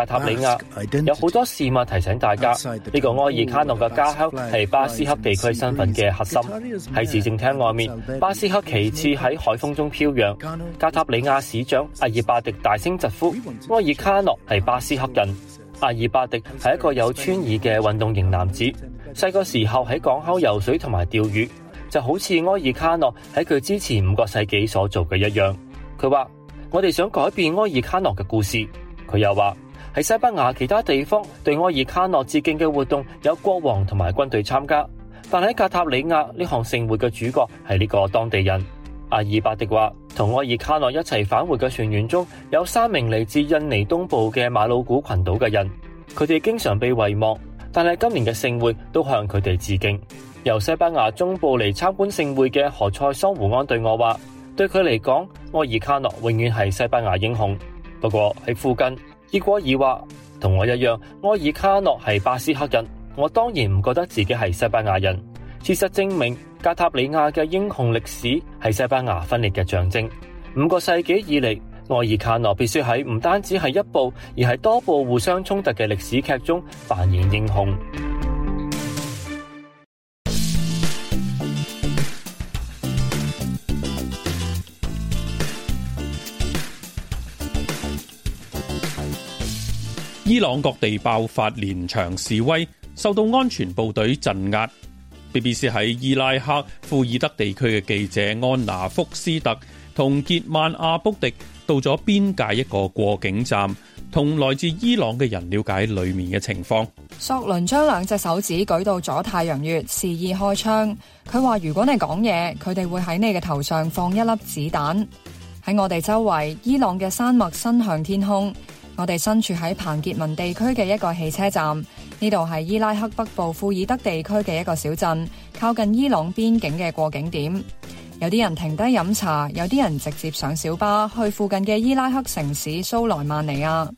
塔里亞，有好多事物提醒大家，呢個埃爾卡諾嘅家鄉係巴斯克地區身份嘅核心。喺市政廳外面，巴斯克旗幟喺海風中飄揚。加塔里亞市長阿爾巴迪大聲疾呼：埃爾卡諾係巴斯克人。阿爾巴迪係一個有穿耳嘅運動型男子，細個時候喺港口游水同埋釣魚，就好似埃爾卡諾喺佢之前五個世紀所做嘅一樣。佢話：我哋想改變埃爾卡諾嘅故事。佢又話：喺西班牙其他地方對埃爾卡諾致敬嘅活動有國王同埋軍隊參加，但喺格塔里亞呢項盛會嘅主角係呢個當地人。阿爾巴迪話：同埃爾卡諾一齊返回嘅船員中有三名嚟自印尼東部嘅馬魯古群島嘅人，佢哋經常被遺忘，但係今年嘅盛會都向佢哋致敬。由西班牙中部嚟參觀盛會嘅何塞桑胡安對我話：對佢嚟講，埃爾卡諾永遠係西班牙英雄。不過喺附近，伊果爾話：同我一樣，埃爾卡諾係巴斯克人，我當然唔覺得自己係西班牙人。事實證明，加塔里亞嘅英雄歷史係西班牙分裂嘅象徵。五個世紀以嚟，埃爾卡諾必須喺唔單止係一部，而係多部互相衝突嘅歷史劇中扮演英雄。伊朗各地爆發連場示威，受到安全部隊鎮壓。BBC 喺伊拉克庫爾德地區嘅記者安娜福斯特同傑曼阿卜迪到咗邊界一個過境站，同來自伊朗嘅人了解裏面嘅情況。索倫將兩隻手指舉到咗太陽穴，示意開槍。佢話：如果你講嘢，佢哋會喺你嘅頭上放一粒子彈。喺我哋周圍，伊朗嘅山脈伸向天空。我哋身處喺彭傑文地區嘅一個汽車站。呢度係伊拉克北部庫爾德地區嘅一個小鎮，靠近伊朗邊境嘅過境點。有啲人停低飲茶，有啲人直接上小巴去附近嘅伊拉克城市蘇萊曼尼亞。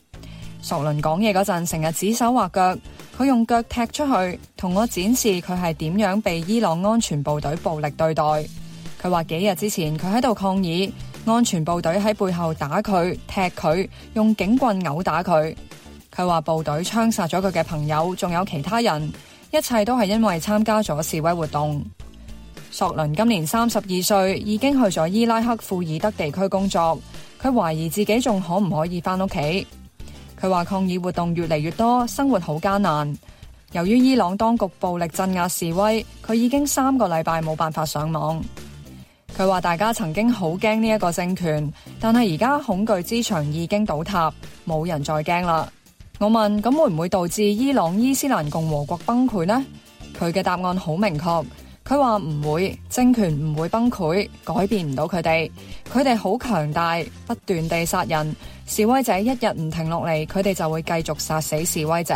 索倫講嘢嗰陣，成日指手畫腳，佢用腳踢出去，同我展示佢係點樣被伊朗安全部隊暴力對待。佢話幾日之前，佢喺度抗議，安全部隊喺背後打佢、踢佢，用警棍毆打佢。佢話部隊槍殺咗佢嘅朋友，仲有其他人，一切都係因為參加咗示威活動。索倫今年三十二歲，已經去咗伊拉克庫爾德地區工作。佢懷疑自己仲可唔可以翻屋企。佢話抗議活動越嚟越多，生活好艱難。由於伊朗當局暴力鎮壓示威，佢已經三個禮拜冇辦法上網。佢話大家曾經好驚呢一個政權，但係而家恐懼之牆已經倒塌，冇人再驚啦。我問：咁會唔會導致伊朗伊斯蘭共和國崩潰呢？佢嘅答案好明確，佢話唔會，政權唔會崩潰，改變唔到佢哋。佢哋好強大，不斷地殺人，示威者一日唔停落嚟，佢哋就會繼續殺死示威者。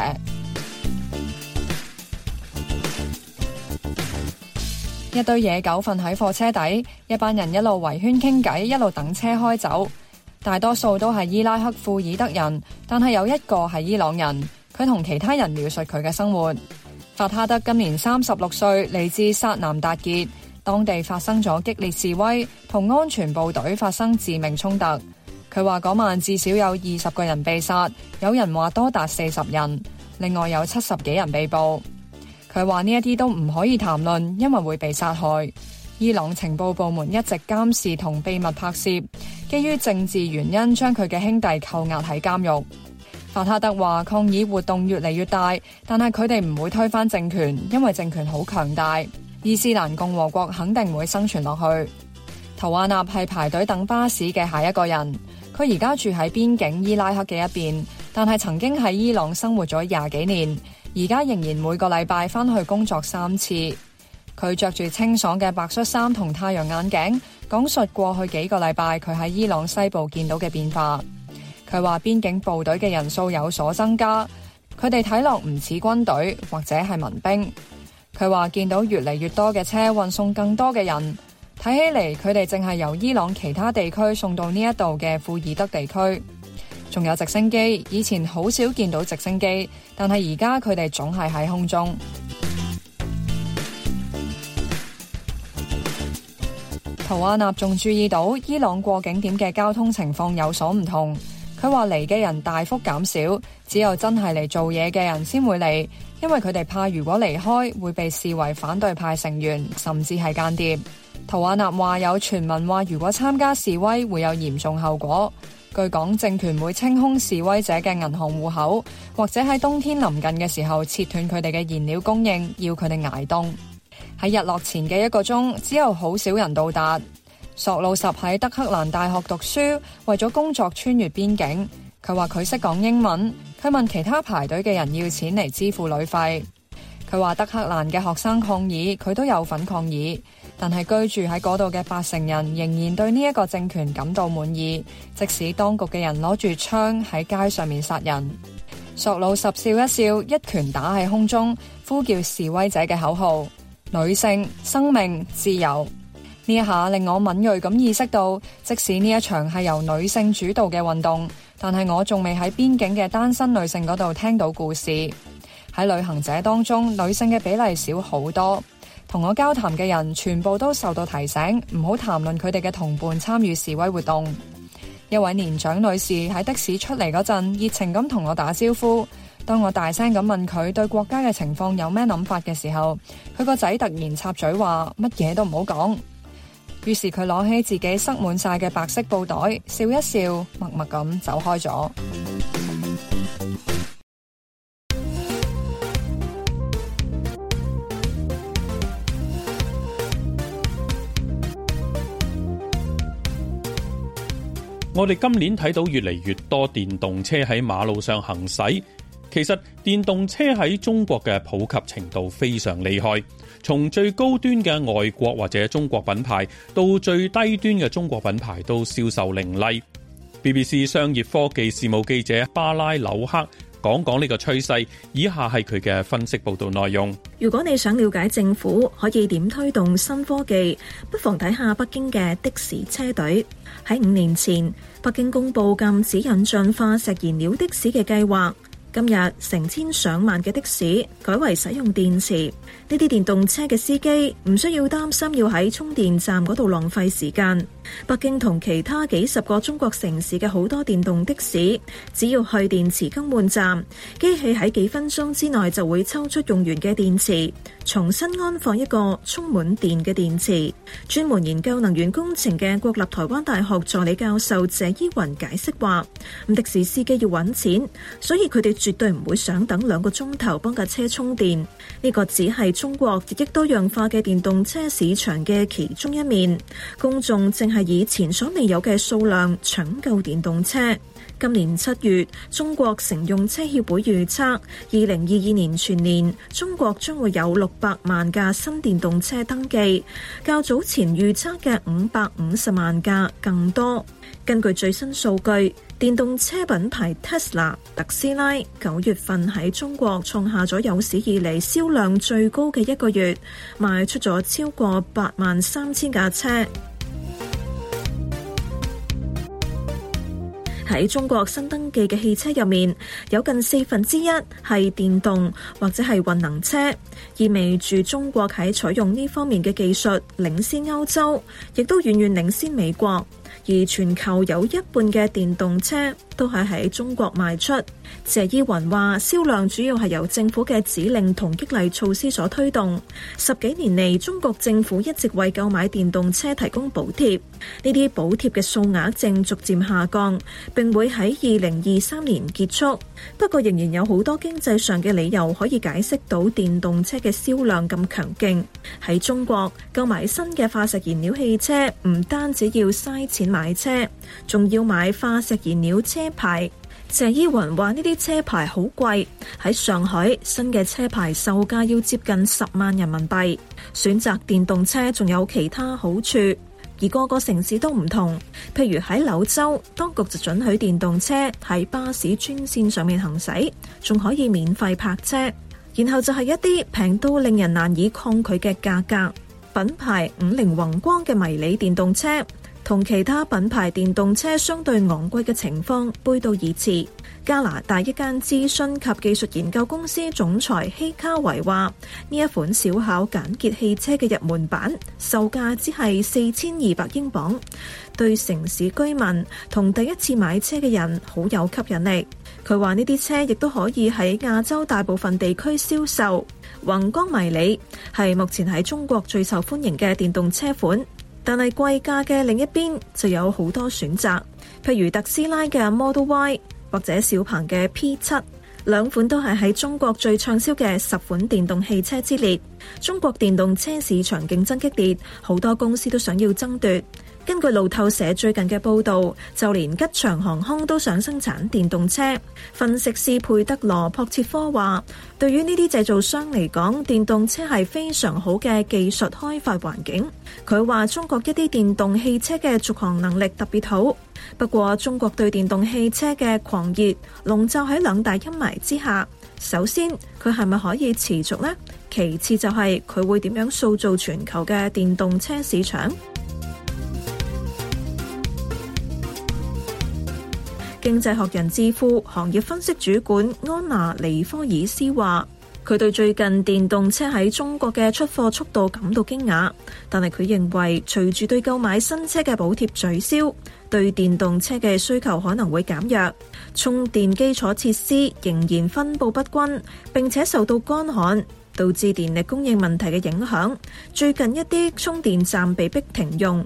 一堆野狗瞓喺貨車底，一班人一路圍圈傾偈，一路等車開走。大多數都係伊拉克庫爾德人，但係有一個係伊朗人。佢同其他人描述佢嘅生活。法哈德今年三十六歲，嚟自薩南達傑。當地發生咗激烈示威，同安全部隊發生致命衝突。佢話嗰晚至少有二十個人被殺，有人話多達四十人。另外有七十幾人被捕。佢話呢一啲都唔可以談論，因為會被殺害。伊朗情報部門一直監視同秘密拍攝。基於政治原因將佢嘅兄弟扣押喺監獄。法哈德話抗議活動越嚟越大，但係佢哋唔會推翻政權，因為政權好強大。伊斯蘭共和國肯定會生存落去。圖阿納係排隊等巴士嘅下一個人，佢而家住喺邊境伊拉克嘅一邊，但係曾經喺伊朗生活咗廿幾年，而家仍然每個禮拜返去工作三次。佢着住清爽嘅白恤衫同太陽眼鏡，講述過去幾個禮拜佢喺伊朗西部見到嘅變化。佢話邊境部隊嘅人數有所增加，佢哋睇落唔似軍隊或者係民兵。佢話見到越嚟越多嘅車運送更多嘅人，睇起嚟佢哋淨係由伊朗其他地區送到呢一度嘅庫爾德地區。仲有直升機，以前好少見到直升機，但係而家佢哋總係喺空中。陶亞納仲注意到伊朗過境點嘅交通情況有所唔同，佢話嚟嘅人大幅減少，只有真係嚟做嘢嘅人先會嚟，因為佢哋怕如果離開會被視為反對派成員，甚至係間諜。陶亞納話有傳聞話如果參加示威會有嚴重後果，據講政權會清空示威者嘅銀行戶口，或者喺冬天臨近嘅時候切斷佢哋嘅燃料供應，要佢哋捱凍。喺日落前嘅一個鐘，只有好少人到達。索魯什喺德克蘭大學讀書，為咗工作穿越邊境。佢話佢識講英文。佢問其他排隊嘅人要錢嚟支付旅費。佢話德克蘭嘅學生抗議，佢都有份抗議。但係居住喺嗰度嘅八成人仍然對呢一個政權感到滿意，即使當局嘅人攞住槍喺街上面殺人。索魯什笑一笑，一拳打喺空中，呼叫示威者嘅口號。女性、生命、自由，呢一下令我敏銳咁意識到，即使呢一場係由女性主導嘅運動，但係我仲未喺邊境嘅單身女性嗰度聽到故事。喺旅行者當中，女性嘅比例少好多，同我交談嘅人全部都受到提醒，唔好談論佢哋嘅同伴參與示威活動。一位年長女士喺的士出嚟嗰陣，熱情咁同我打招呼。當我大聲咁問佢對國家嘅情況有咩諗法嘅時候，佢個仔突然插嘴話：乜嘢都唔好講。於是佢攞起自己塞滿晒嘅白色布袋，笑一笑，默默咁走開咗。我哋今年睇到越嚟越多電動車喺馬路上行駛。其實電動車喺中國嘅普及程度非常厲害，從最高端嘅外國或者中國品牌到最低端嘅中國品牌都銷售凌厲。BBC 商業科技事務記者巴拉紐克講講呢個趨勢。以下係佢嘅分析報道內容。如果你想了解政府可以點推動新科技，不妨睇下北京嘅的士車隊。喺五年前，北京公布禁止引進化石燃料的士嘅計劃。今日成千上萬嘅的士改為使用電池，呢啲電動車嘅司機唔需要擔心要喺充電站嗰度浪費時間。北京同其他幾十個中國城市嘅好多電動的士，只要去電池更換站，機器喺幾分鐘之內就會抽出用完嘅電池，重新安放一個充滿電嘅電池。專門研究能源工程嘅國立台灣大學助理教授謝依雲解釋話，咁的士司機要揾錢，所以佢哋。絕對唔會想等兩個鐘頭幫架車充電，呢、這個只係中國日益多樣化嘅電動車市場嘅其中一面。公眾正係以前所未有嘅數量搶購電動車。今年七月，中國乘用車協會預測，二零二二年全年中國將會有六百萬架新電動車登記，較早前預測嘅五百五十萬架更多。根據最新數據，電動車品牌 Tesla 特斯拉九月份喺中國創下咗有史以嚟銷量最高嘅一個月，賣出咗超過八萬三千架車。喺中國新登記嘅汽車入面，有近四分之一係電動或者係混能車，意味住中國喺採用呢方面嘅技術領先歐洲，亦都遠遠領先美國。而全球有一半嘅電動車都係喺中國賣出。謝依雲話：銷量主要係由政府嘅指令同激勵措施所推動。十幾年嚟，中國政府一直為購買電動車提供補貼，呢啲補貼嘅數額正逐漸下降，並會喺二零二三年結束。不過，仍然有好多經濟上嘅理由可以解釋到電動車嘅銷量咁強勁。喺中國，購買新嘅化石燃料汽車唔單止要嘥錢買車，仲要買化石燃料車牌。謝依雲話：呢啲車牌好貴，喺上海新嘅車牌售價要接近十萬人民幣。選擇電動車仲有其他好處，而各個城市都唔同。譬如喺柳州，當局就准許電動車喺巴士專線上面行駛，仲可以免費泊車。然後就係一啲平到令人難以抗拒嘅價格，品牌五菱宏光嘅迷你電動車。同其他品牌電動車相對昂貴嘅情況背道而馳。加拿大一間諮詢及技術研究公司總裁希卡維話：呢一款小巧簡潔汽車嘅入門版售價只係四千二百英鎊，對城市居民同第一次買車嘅人好有吸引力。佢話呢啲車亦都可以喺亞洲大部分地區銷售。宏光迷你係目前喺中國最受歡迎嘅電動車款。但係貴價嘅另一邊就有好多選擇，譬如特斯拉嘅 Model Y 或者小鵬嘅 P7，兩款都係喺中國最暢銷嘅十款電動汽車之列。中國電動車市場競爭激烈，好多公司都想要爭奪。根據路透社最近嘅報導，就連吉祥航空都想生產電動車。分析師佩德羅·帕切科話，對於呢啲製造商嚟講，電動車係非常好嘅技術開發環境。佢話：中國一啲電動汽車嘅續航能力特別好。不過，中國對電動汽車嘅狂熱，籠罩喺兩大陰霾之下。首先，佢係咪可以持續呢？其次就係佢會點樣塑造全球嘅電動車市場？經濟學人智庫行業分析主管安娜尼科爾斯話：佢對最近電動車喺中國嘅出貨速度感到驚訝，但係佢認為隨住對購買新車嘅補貼取消，對電動車嘅需求可能會減弱。充電基礎設施仍然分布不均，並且受到乾旱導致電力供應問題嘅影響，最近一啲充電站被逼停用。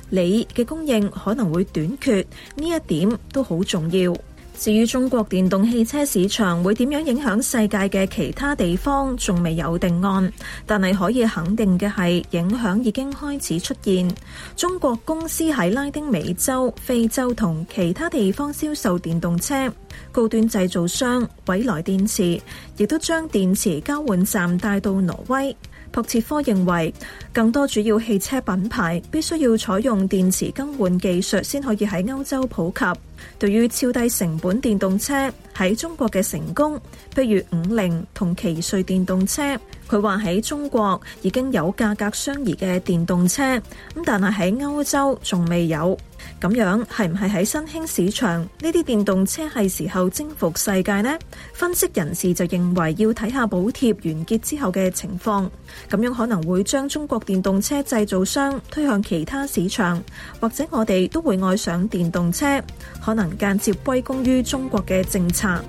鋰嘅供應可能會短缺，呢一點都好重要。至於中國電動汽車市場會點樣影響世界嘅其他地方，仲未有定案。但係可以肯定嘅係，影響已經開始出現。中國公司喺拉丁美洲、非洲同其他地方銷售電動車。高端製造商蔚來電池亦都將電池交換站帶到挪威。朴切科認為，更多主要汽車品牌必須要採用電池更換技術，先可以喺歐洲普及。對於超低成本電動車喺中國嘅成功，譬如五菱同奇瑞電動車，佢話喺中國已經有價格相宜嘅電動車，咁但係喺歐洲仲未有。咁樣係唔係喺新興市場呢啲電動車係時候征服世界呢？分析人士就認為要睇下補貼完結之後嘅情況，咁樣可能會將中國電動車製造商推向其他市場，或者我哋都會愛上電動車，可能間接歸功於中國嘅政策。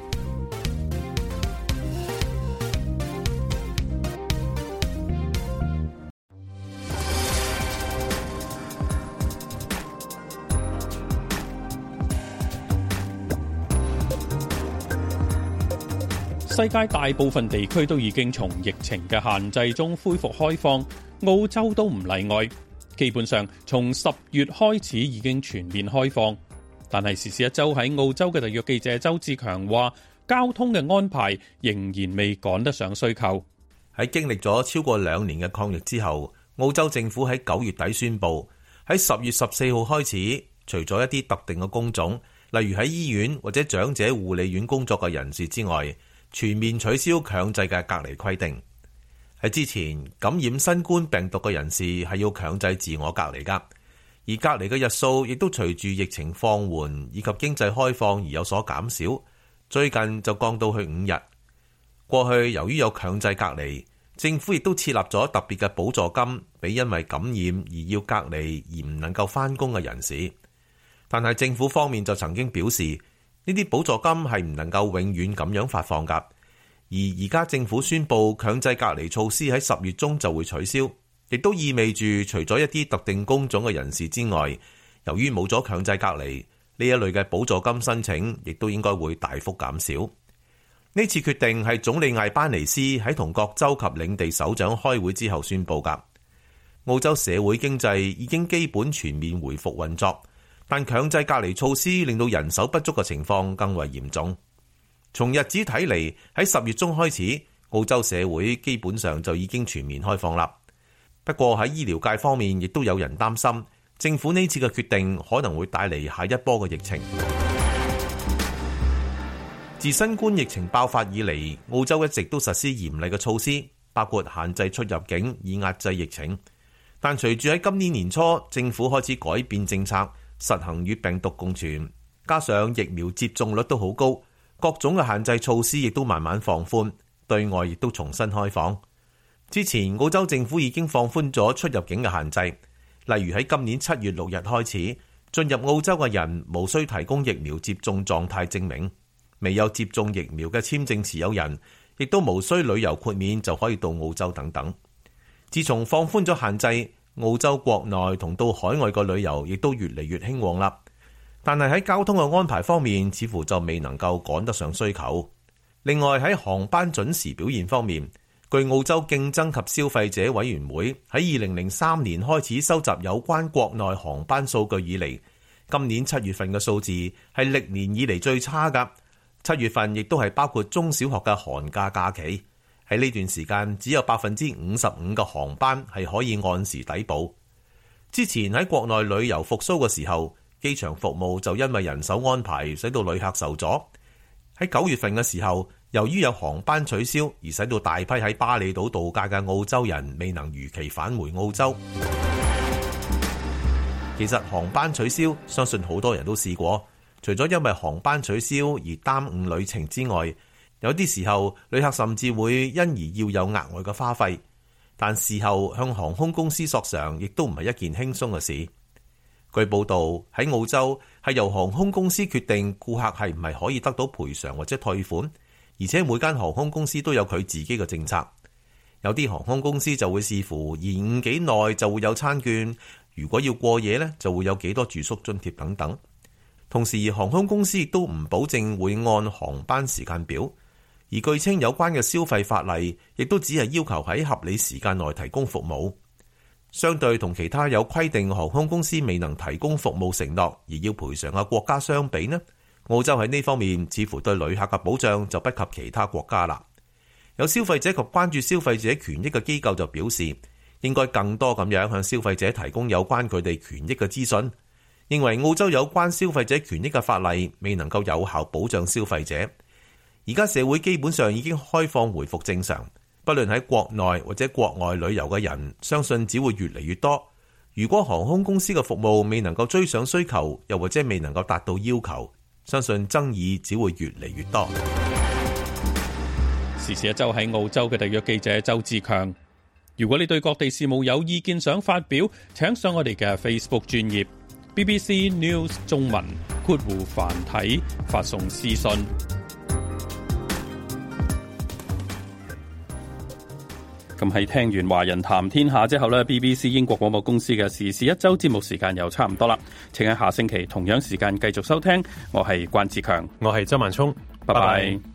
世界大部分地區都已經從疫情嘅限制中恢復開放，澳洲都唔例外。基本上從十月開始已經全面開放，但係時事一周喺澳洲嘅特約記者周志強話，交通嘅安排仍然未趕得上需求。喺經歷咗超過兩年嘅抗疫之後，澳洲政府喺九月底宣布喺十月十四號開始，除咗一啲特定嘅工種，例如喺醫院或者長者護理院工作嘅人士之外。全面取消強制嘅隔離規定，喺之前感染新冠病毒嘅人士係要強制自我隔離噶，而隔離嘅日數亦都隨住疫情放緩以及經濟開放而有所減少。最近就降到去五日。過去由於有強制隔離，政府亦都設立咗特別嘅補助金俾因為感染而要隔離而唔能夠返工嘅人士。但係政府方面就曾經表示。呢啲補助金係唔能夠永遠咁樣發放噶，而而家政府宣布強制隔離措施喺十月中就會取消，亦都意味住除咗一啲特定工種嘅人士之外，由於冇咗強制隔離呢一類嘅補助金申請，亦都應該會大幅減少。呢次決定係總理艾班尼斯喺同各州及領地首長開會之後宣布噶。澳洲社會經濟已經基本全面回復運作。但強制隔離措施令到人手不足嘅情況更為嚴重。從日子睇嚟，喺十月中開始，澳洲社會基本上就已經全面開放啦。不過喺醫療界方面，亦都有人擔心政府呢次嘅決定可能會帶嚟下一波嘅疫情。自新冠疫情爆發以嚟，澳洲一直都實施嚴厲嘅措施，包括限制出入境以壓制疫情。但隨住喺今年年初，政府開始改變政策。實行與病毒共存，加上疫苗接種率都好高，各種嘅限制措施亦都慢慢放寬，對外亦都重新開放。之前澳洲政府已經放寬咗出入境嘅限制，例如喺今年七月六日開始，進入澳洲嘅人無需提供疫苗接種狀態證明，未有接種疫苗嘅簽證持有人亦都無需旅遊豁免就可以到澳洲等等。自從放寬咗限制，澳洲國內同到海外個旅遊亦都越嚟越興旺啦，但係喺交通嘅安排方面，似乎就未能夠趕得上需求。另外，喺航班準時表現方面，據澳洲競爭及消費者委員會喺二零零三年開始收集有關國內航班數據以嚟，今年七月份嘅數字係歷年以嚟最差㗎。七月份亦都係包括中小學嘅寒假假期。喺呢段時間，只有百分之五十五嘅航班係可以按時抵埗。之前喺國內旅遊復蘇嘅時候，機場服務就因為人手安排，使到旅客受阻。喺九月份嘅時候，由於有航班取消，而使到大批喺巴厘島度假嘅澳洲人未能如期返回澳洲。其實航班取消，相信好多人都試過。除咗因為航班取消而耽誤旅程之外，有啲時候旅客甚至會因而要有額外嘅花費，但事後向航空公司索償亦都唔係一件輕鬆嘅事。據報道，喺澳洲係由航空公司決定顧客係唔係可以得到賠償或者退款，而且每間航空公司都有佢自己嘅政策。有啲航空公司就會視乎延誤幾耐就會有餐券，如果要過夜呢，就會有幾多住宿津貼等等。同時航空公司亦都唔保證會按航班時間表。而據稱，有關嘅消費法例亦都只係要求喺合理時間內提供服務。相對同其他有規定航空公司未能提供服務承諾而要賠償嘅國家相比呢，澳洲喺呢方面似乎對旅客嘅保障就不及其他國家啦。有消費者及關注消費者權益嘅機構就表示，應該更多咁樣向消費者提供有關佢哋權益嘅資訊，認為澳洲有關消費者權益嘅法例未能夠有效保障消費者。而家社會基本上已經開放回復正常，不論喺國內或者國外旅遊嘅人，相信只會越嚟越多。如果航空公司嘅服務未能夠追上需求，又或者未能夠達到要求，相信爭議只會越嚟越多。時事一周喺澳洲嘅特約記者周志強，如果你對各地事務有意見想發表，請上我哋嘅 Facebook 專頁 BBC News 中文括弧繁體發送私信。咁喺聽完華人談天下之後呢 BBC 英國廣播公司嘅時事一周節目時間又差唔多啦，請喺下星期同樣時間繼續收聽，我係關志強，我係周萬聰，拜拜。